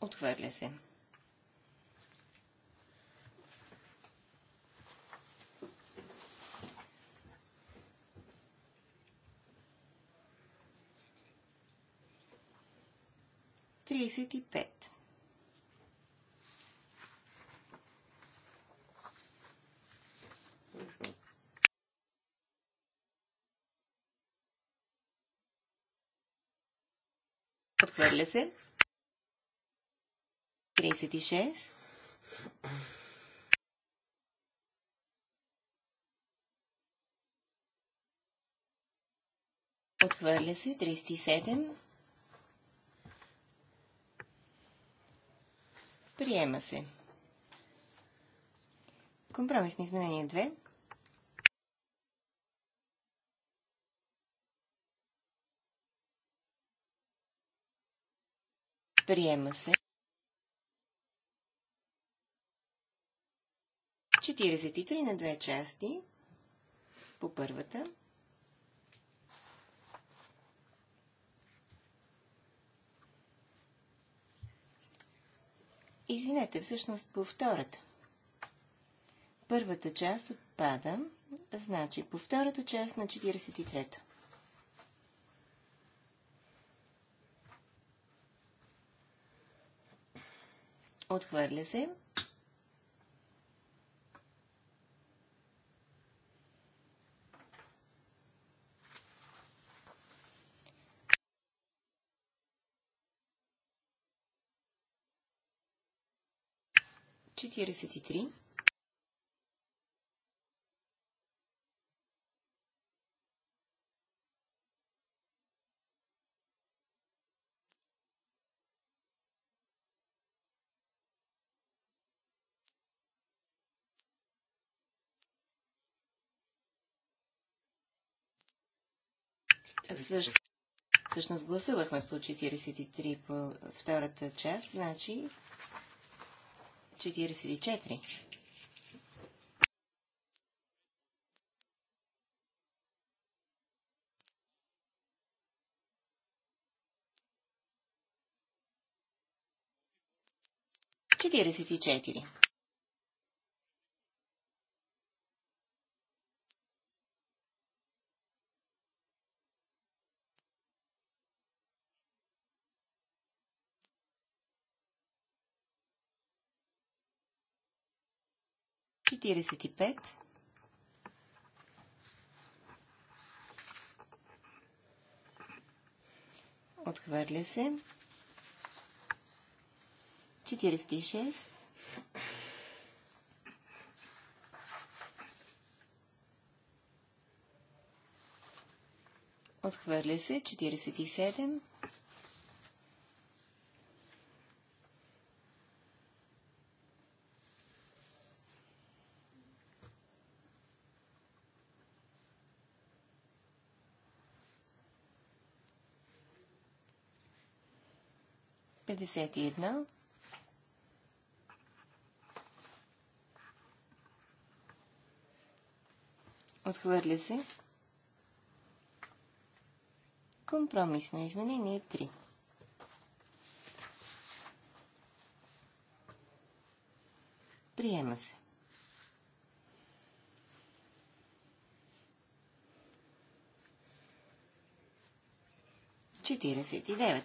Отхвърля се. 35. Отхвърля се. 36. Отхвърля се. 37. Приема се. Компромисни изменения 2. Приема се. 43 на две части по първата. Извинете, всъщност по втората. Първата част отпада, значи по втората част на 43-то. Отхвърля се. Всъщност гласувахме по 43 по втората част, значи 44. Четиридесет и четири. 45. Отхвърля се. 46. Отхвърля се. 47. 51. Отхвърля се. Компромисно изменение 3. Приема се. Четиридесет и девет.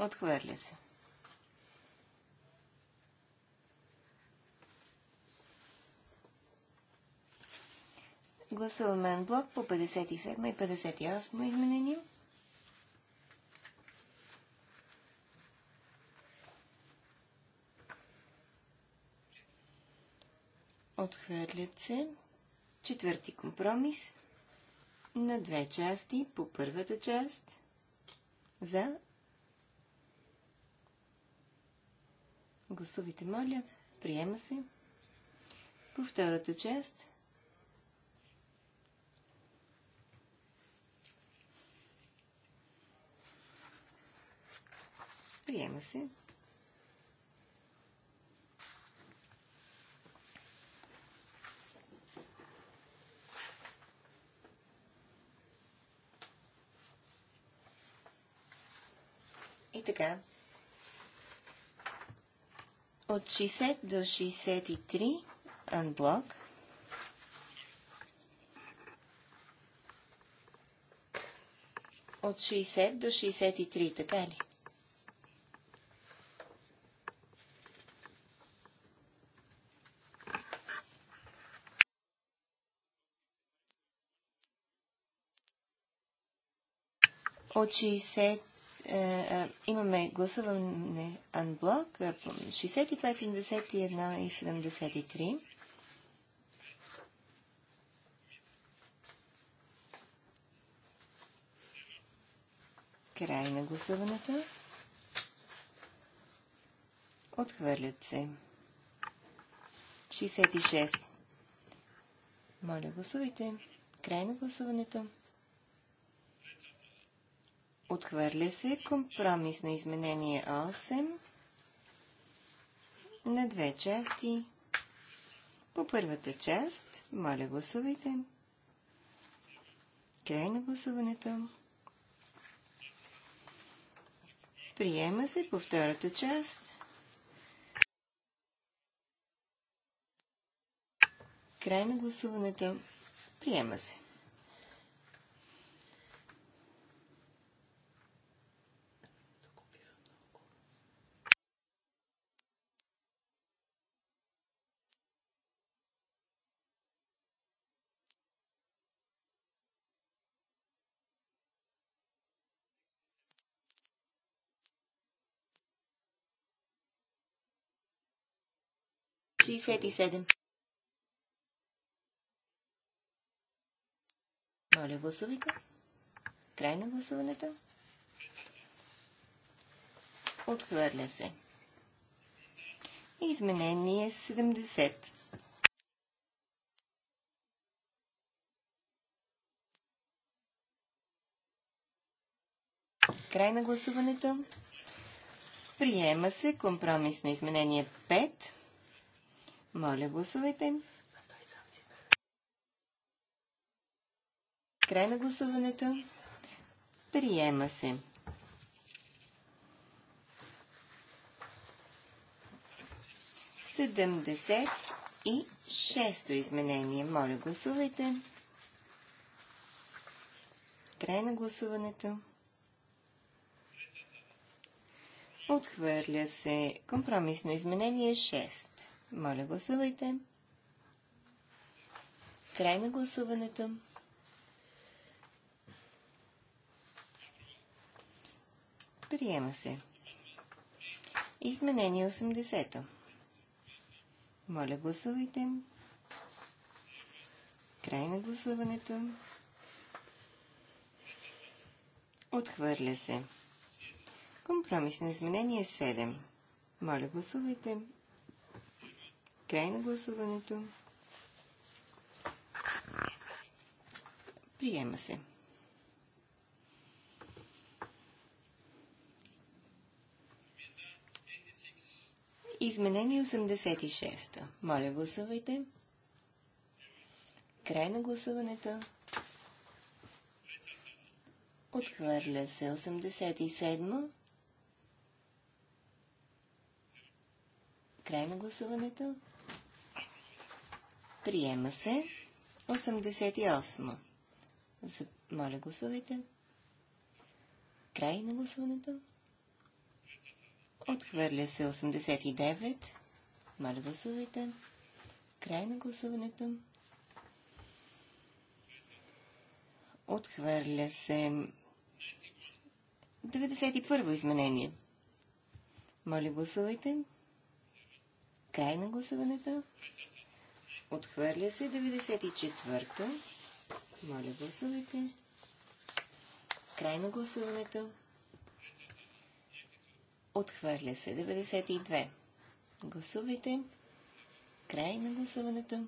Отхвърля се. Гласуваме блок по 57 и 58 изменения. Отхвърлят се. Четвърти компромис на две части по първата част за Гласувайте, моля. Приема се. По втората част. Приема се. И така, от 60 до 63 анблок. От 60 до 63, така е ли? от 60 е, е, имаме гласуване анблок 65, е, 71 и 73. Край на гласуването. Отхвърлят се. 66. Моля, гласувайте. Край на гласуването. Отхвърля се компромисно изменение 8 на две части. По първата част, моля гласувайте. Край на гласуването. Приема се по втората част. Край на гласуването. Приема се. 67. Моля, гласувайте. Край на гласуването. Отхвърля се. Изменение 70. Край на гласуването. Приема се компромис на изменение 5. Моля, гласувайте. Край на гласуването. Приема се. Седемдесет и шесто изменение. Моля, гласувайте. Край на гласуването. Отхвърля се компромисно изменение 6. Моля, гласувайте. Край на гласуването. Приема се. Изменение 80-то. Моля, гласувайте. Край на гласуването. Отхвърля се. Компромисно изменение 7. Моля, гласувайте. Край на гласуването. Приема се. Изменение 86. Моля, гласувайте. Край на гласуването. Отхвърля се 87. Край на гласуването. Приема се. 88. За... Моля, гласувайте. Край на гласуването. Отхвърля се 89. Моля, гласувайте. Край на гласуването. Отхвърля се 91 изменение. Моля, гласувайте. Край на гласуването. Отхвърля се 94-то. Моля, гласувайте. Край на гласуването. Отхвърля се 92. Гласувайте. Край на гласуването.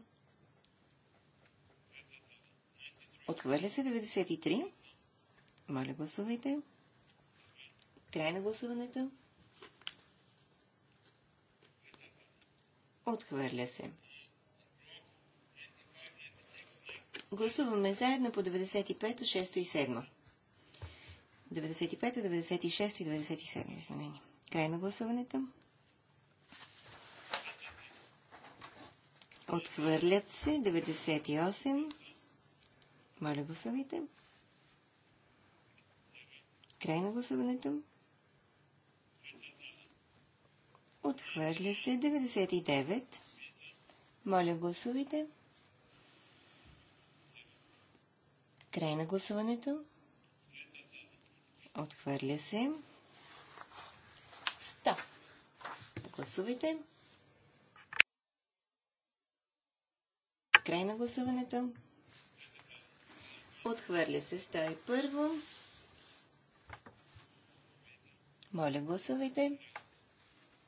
Отхвърля се 93. Моля, гласувайте. Край на гласуването. Отхвърля се. Гласуваме заедно по 95, 6 и 7. 95, 96 и 97 изменения. Край на гласуването. Отхвърлят се 98. Моля гласувайте. Край на гласуването. Отхвърля се 99. Моля гласувайте. Край на гласуването. Отхвърля се. 100. Гласувайте. Край на гласуването. Отхвърля се 101. Моля, гласувайте.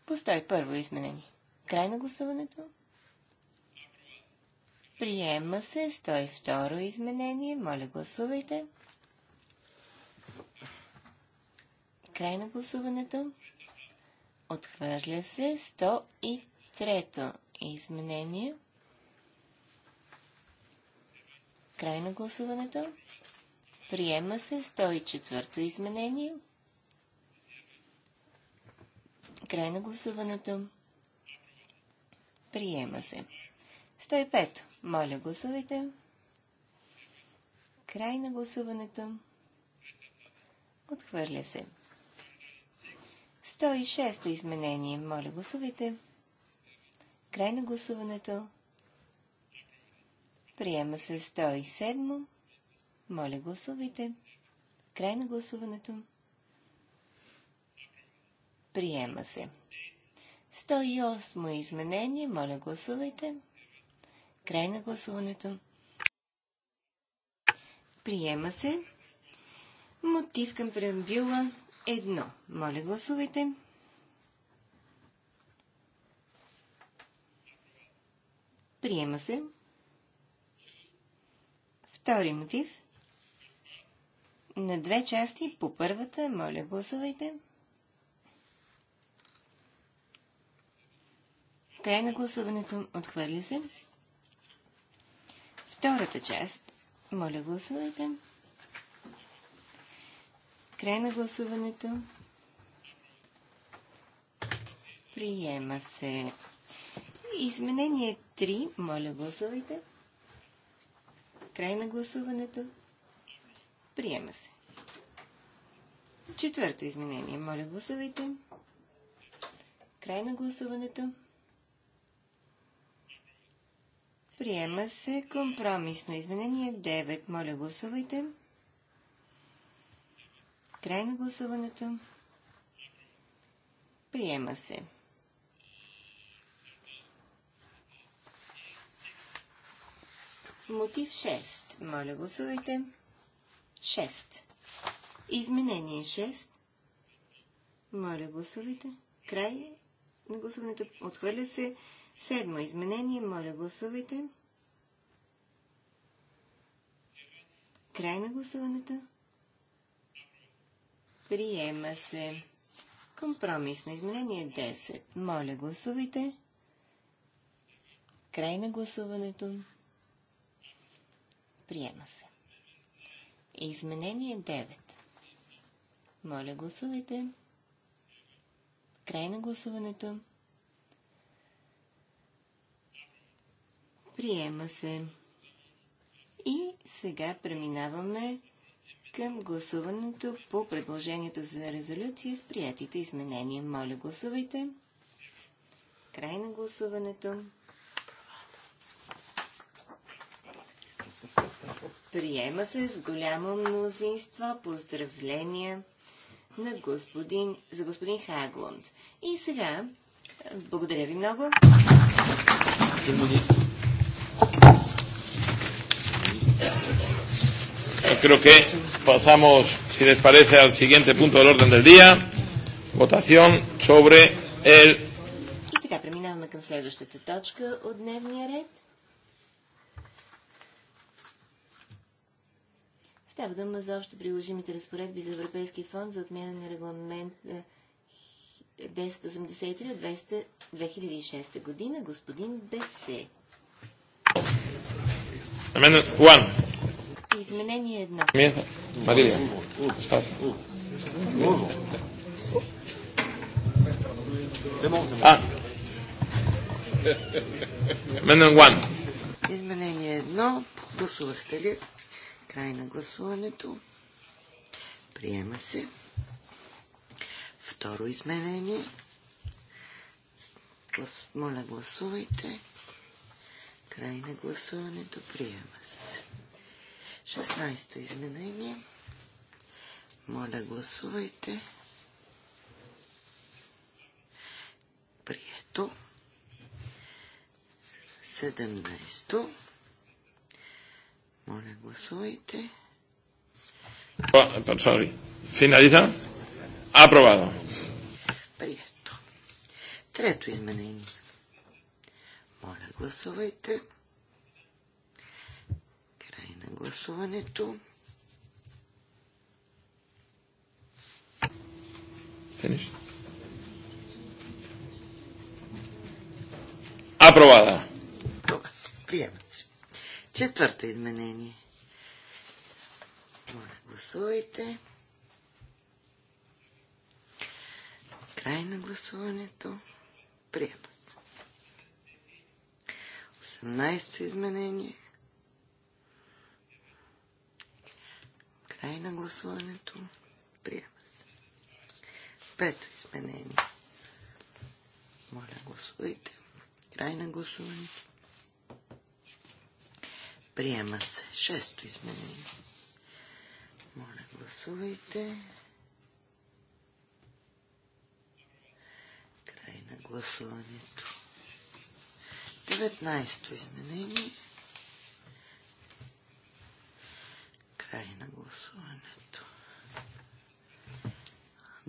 По 101 изменени. Край на гласуването. Приема се 102 изменение. Моля, гласувайте. Край на гласуването. Отхвърля се 103 изменение. Край на гласуването. Приема се 104 изменение. Край на гласуването. Приема се. 105. то моля, гласувайте. Край на гласуването. Отхвърля се. 106-то изменение. Моля, гласувайте. Край на гласуването. Приема се 107. Моля, гласувайте. Край на гласуването. Приема се. 108 изменение. Моля, гласувайте. Край на гласуването. Приема се. Мотив към преамбюла 1. Моля, гласувайте. Приема се. Втори мотив. На две части по първата, моля, гласувайте. Край на гласуването отхвърли се. Втората част. Моля, гласувайте. Край на гласуването. Приема се. Изменение 3. Моля, гласувайте. Край на гласуването. Приема се. Четвърто изменение. Моля, гласувайте. Край на гласуването. Приема се компромисно изменение 9. Моля, гласувайте. Край на гласуването. Приема се. Мотив 6. Моля, гласувайте. 6. Изменение 6. Моля, гласувайте. Край на гласуването. Отхвърля се. Седмо изменение. Моля, гласувайте. Край на гласуването. Приема се. Компромисно изменение 10. Моля, гласувайте. Край на гласуването. Приема се. Изменение 9. Моля, гласувайте. Край на гласуването. Приема се. И сега преминаваме към гласуването по предложението за резолюция с приятите изменения. Моля, гласувайте. Край на гласуването. Приема се с голямо мнозинство. Поздравления на господин, за господин Хаглунд. И сега, благодаря ви много. creo que pasamos, si les parece, al siguiente punto del orden del día. Votación sobre el. Става дума за още приложимите разпоредби за Европейски фонд за отмяна на регламент 1083 е, от 2006 година. Господин Бесе. Amendment Изменение едно. Мария, А. Менен Уан. Изменение едно. Гласувахте ли? Край на гласуването. Приема се. Второ изменение. Моля, гласувайте. Край на гласуването. Приема 16-то изменение. Моля, гласувайте. Прието. 17-то. Моля, гласувайте. Sorry. Финализа. Апробадо. Прието. Трето изменение. Моля, гласувайте гласуването. Finish. Апровада. Приемат се. Четвърто изменение. Моля, гласувайте. Край на гласуването. Приема се. 18-то изменение. Край на гласуването. Приема се. Пето изменение. Моля, гласувайте. Край на гласуването. Приема се. Шесто изменение. Моля, гласувайте. Край на гласуването. 19-то изменение. Край на гласуването.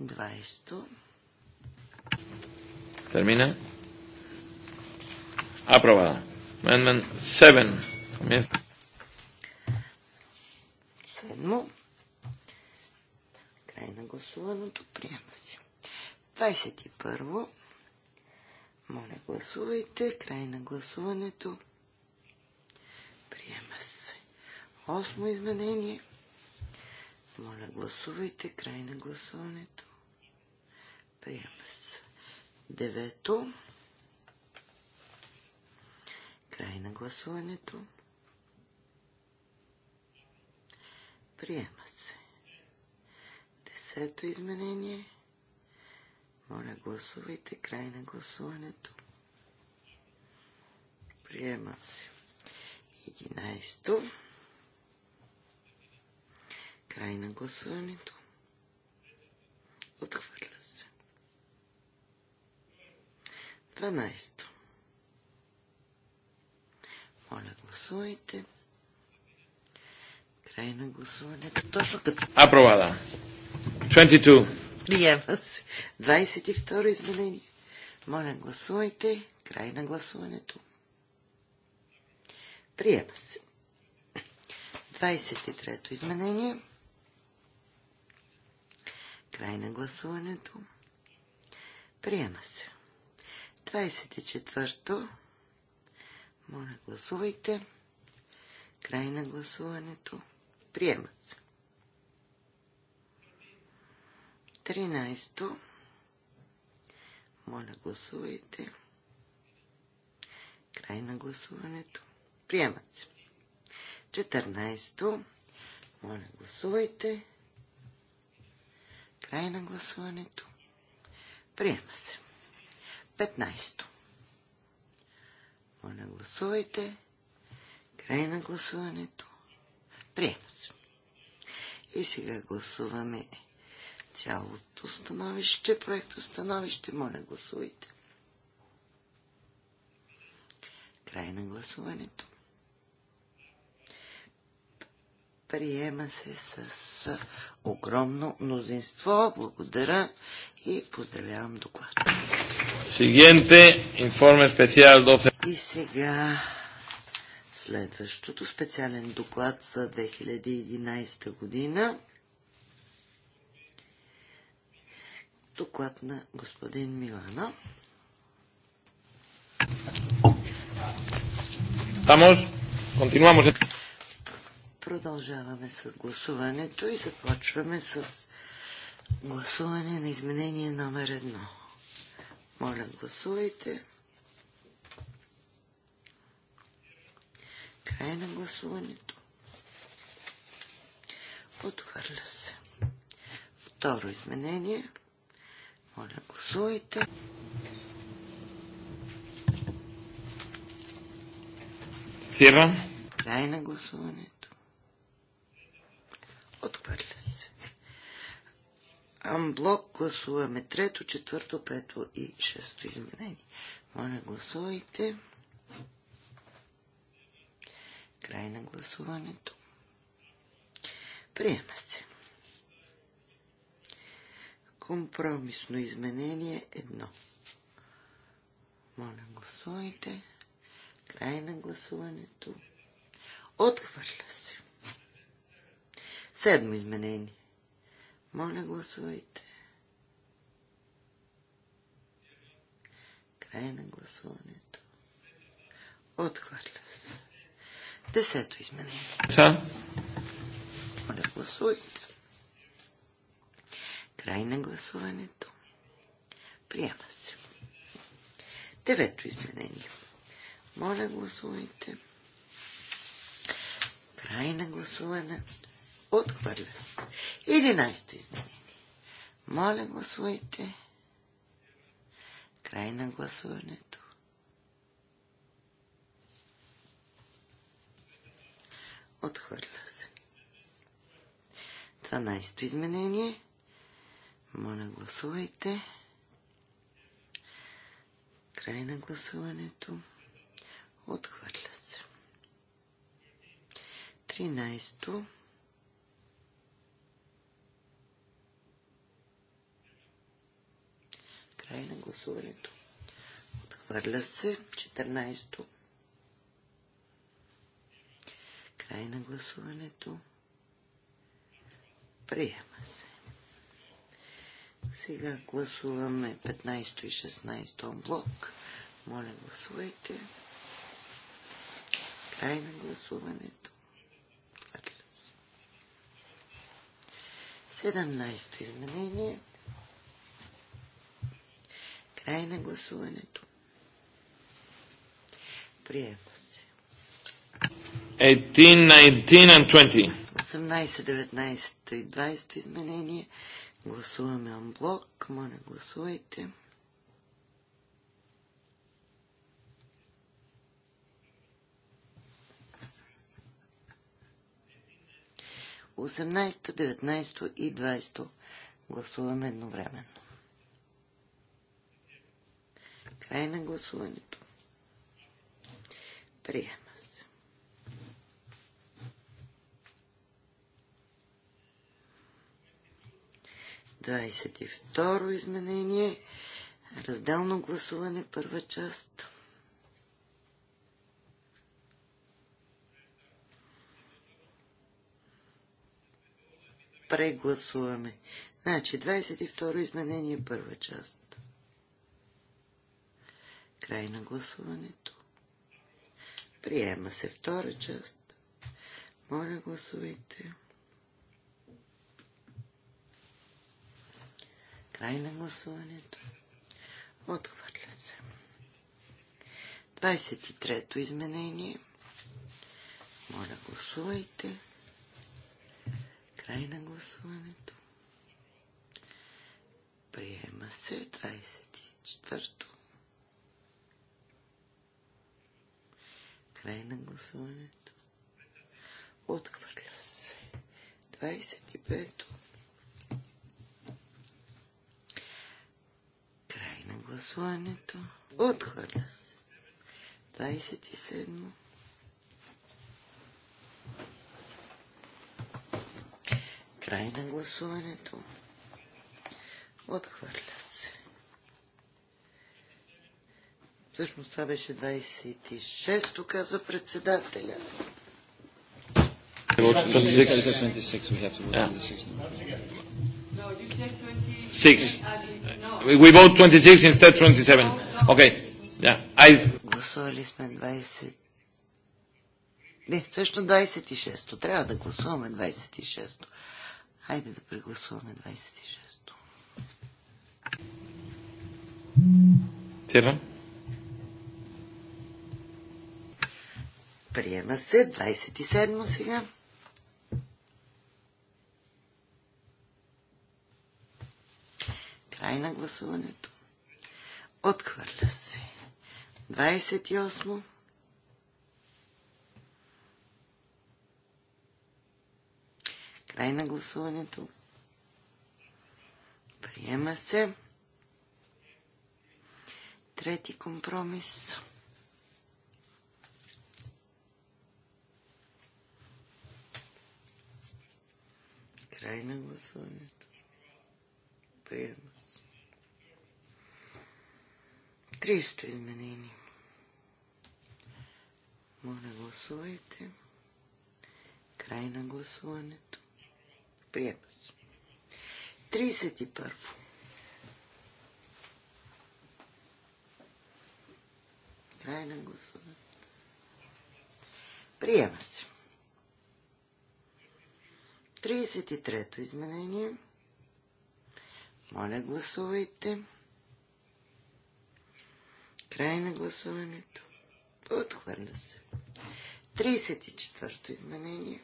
20. Термина. Aprobado. Amendment 7. Седмо. Край на гласуването. Приема се. 21. Моля, гласувайте. Край на гласуването. Осмо изменение. Моля, гласувайте. Край на гласуването. Приема се. Девето. Край на гласуването. Приема се. Десето изменение. Моля, гласувайте. Край на гласуването. Приема се. Единайсто. Край на гласуването. Отхвърля се. 12. Моля, гласувайте. Край на гласуването. Точно като... Апровада. 22. Приема се. 22 изменение. Моля, гласувайте. Край на гласуването. Приема се. 23-то изменение. Край на гласуването. Приема се. 24-то. Моля, гласувайте. Край на гласуването. Приема се. 13-то. Моля, гласувайте. Край на гласуването. Приемат се. 14-то. Моля, гласувайте. Край на гласуването. Приема се. 15. то Моля, гласувайте. Край на гласуването. Приема се. И сега гласуваме цялото становище, проекто становище. Моля, гласувайте. Край на гласуването. Приема се с огромно мнозинство. Благодаря и поздравявам доклад. Сигенте, информе специал И сега следващото специален доклад за 2011 година. Доклад на господин Милана. Estamos, continuamos. Продължаваме с гласуването и започваме с гласуване на изменение номер едно. Моля, гласувайте. Край на гласуването. Отхвърля се. Второ изменение. Моля, гласувайте. Сиран. Край на гласуването. Отхвърля се. Амблок гласуваме трето, четвърто, пето и шесто изменение. Моля, гласувайте. Край на гласуването. Приема се. Компромисно изменение едно. Моля, гласувайте. Край на гласуването. Отхвърля се. Седмо изменение. Моля, гласувайте. Край на гласуването. Отхвърля се. Десето изменение. Са? Моля, гласувайте. Край на гласуването. Приема се. Девето изменение. Моля, гласувайте. Край на гласуването. Отхвърля се. 11 изменение. Моля, гласувайте. Край на гласуването. Отхвърля се. 12 изменение. Моля, гласувайте. Край на гласуването. Отхвърля се. 13. Край на гласуването. Отхвърля се. 14-то. Край на гласуването. Приема се. Сега гласуваме 15 то и 16 то блок. Моля, гласувайте. Край на гласуването. 17 изменение. Край на гласуването. Приема се. 18, 19 and 20. 18, 19 и 20 изменение. Гласуваме анблок. Моля, гласувайте. Осемнайсто, деветнайсто и двайсто гласуваме едновременно. Край на гласуването. Приема се. Двадесет и второ изменение. Разделно гласуване, първа част. Прегласуваме. Значи, 22 изменение, първа част. Край на гласуването. Приема се втора част. Моля, гласувайте. Край на гласуването. Отхвърля се. 23-то изменение. Моля, гласувайте. Край на гласуването. Приема се 24-то. Край на гласуването. Отхвърля се. 25-то. Край на гласуването. Отхвърля се. 27-то. Край на гласуването. Отхвърля се. Всъщност това беше 26-то, казва председателя. We vote 26 instead 27. Okay. Yeah. I... Гласували сме 20. Не, също 26-то. Трябва да гласуваме 26-то. Хайде да прегласуваме 26-то. Тирам. Приема се 27 сега. Край на гласуването. Отхвърля се. 28. Край на гласуването. Приема се. Трети компромис. Край на гласуването. Приема се. 300 изменение. Моля, гласувайте. Край на гласуването. Приема се. 31. Край на гласуването. Приема се. 33-то изменение. Моля, гласувайте. Край на гласуването. Отхвърля се. 34-то изменение.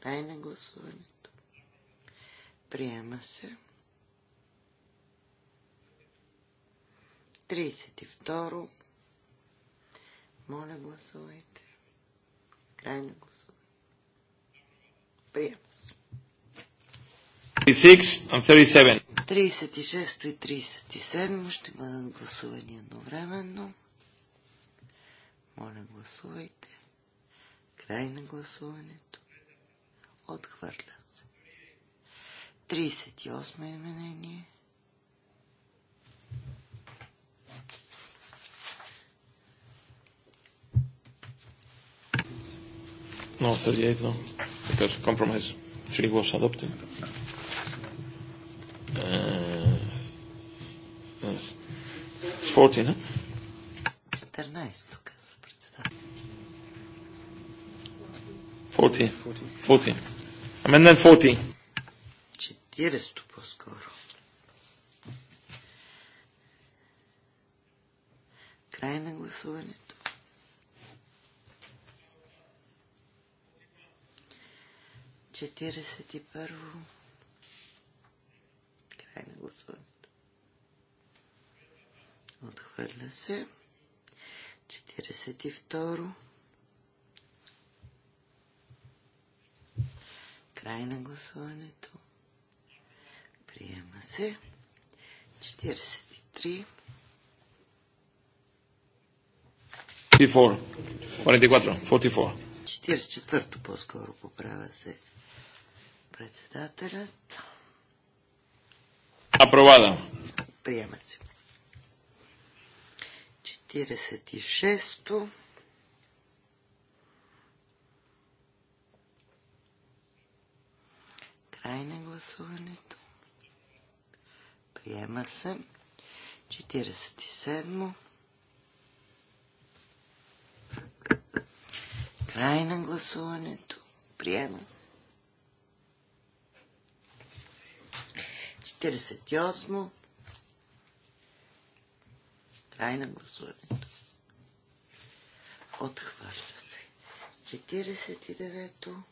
Край на гласуването. Приема се. 32. Моля, гласувайте. Крайно гласуване. Приема се. 36 и 37 ще бъдат гласувани едновременно. Моля, гласувайте. Край на гласуването. Отхвърля се. 38 изменение. No, 38, no. Because compromise 3 was adopted. Uh, yes. 14, huh? 14, казва 40. Amendment 40. 40 по-скоро. Край на гласуването. 41. Край на гласуването. Отхвърля се. 42. Край на гласуването. Приема се. 43. 44. 44. 44 по-скоро поправя се. 44. Председателят. Апровада. Приемат се. 46-то. Край на гласуването. Приема се. 47-мо. Край на гласуването. Приема се. 48. Край на гласуването. Отхвърля се. 49-то.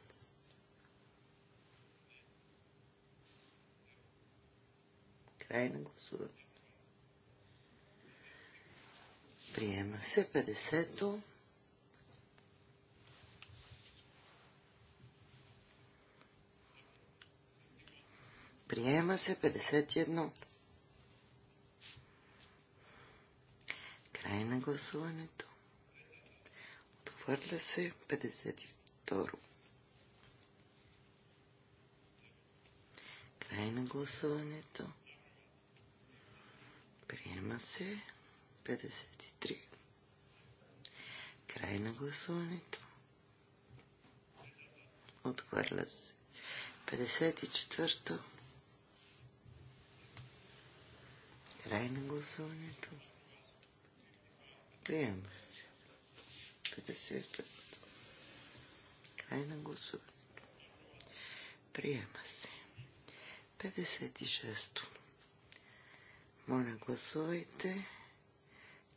Край на гласуването. Приема се 50-то. Приема се 51. Край на гласуването. Отхвърля се 52. Край на гласуването. Приема се 53. Край на гласуването. Отхвърля се. 54-то. Край на гласуването. Приема се. 55. Край на гласуването. Приема се. 56. Моля, гласувайте.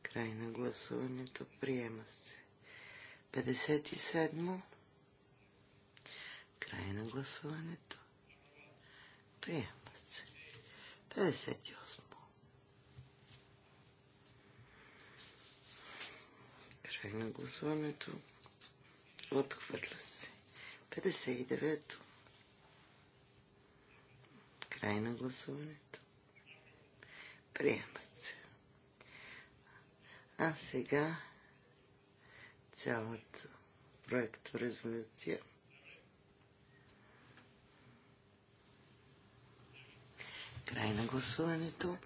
Край на гласуването. Приема се. 57. Край на гласуването. Приема се. 58. Край на гласуването. Отхвърля се. 59-то. Край на гласуването. Приема се. А сега цялата проект резолюция. Край на гласуването.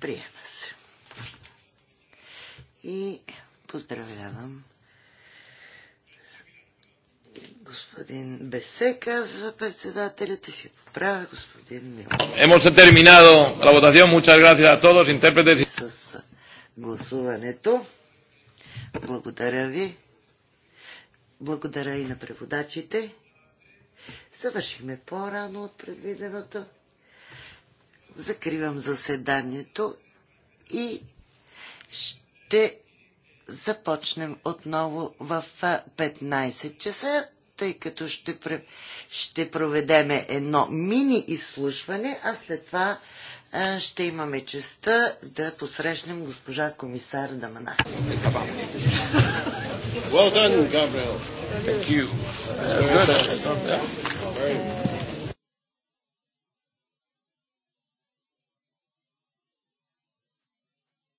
Приема се и поздравявам. Господин Бесе, казва председателят и си поправя господин Милов. Hemos terminado la votación. Muchas gracias a todos, intérpretes. С гласуването. Благодаря ви. Благодаря и на преводачите. Завършихме по-рано от предвиденото. Закривам заседанието и ще ще започнем отново в 15 часа, тъй като ще, ще проведеме едно мини изслушване, а след това ще имаме честа да посрещнем госпожа комисар Дамана. Well done, Gabriel. Thank you. Uh, good. Uh, not bad. good.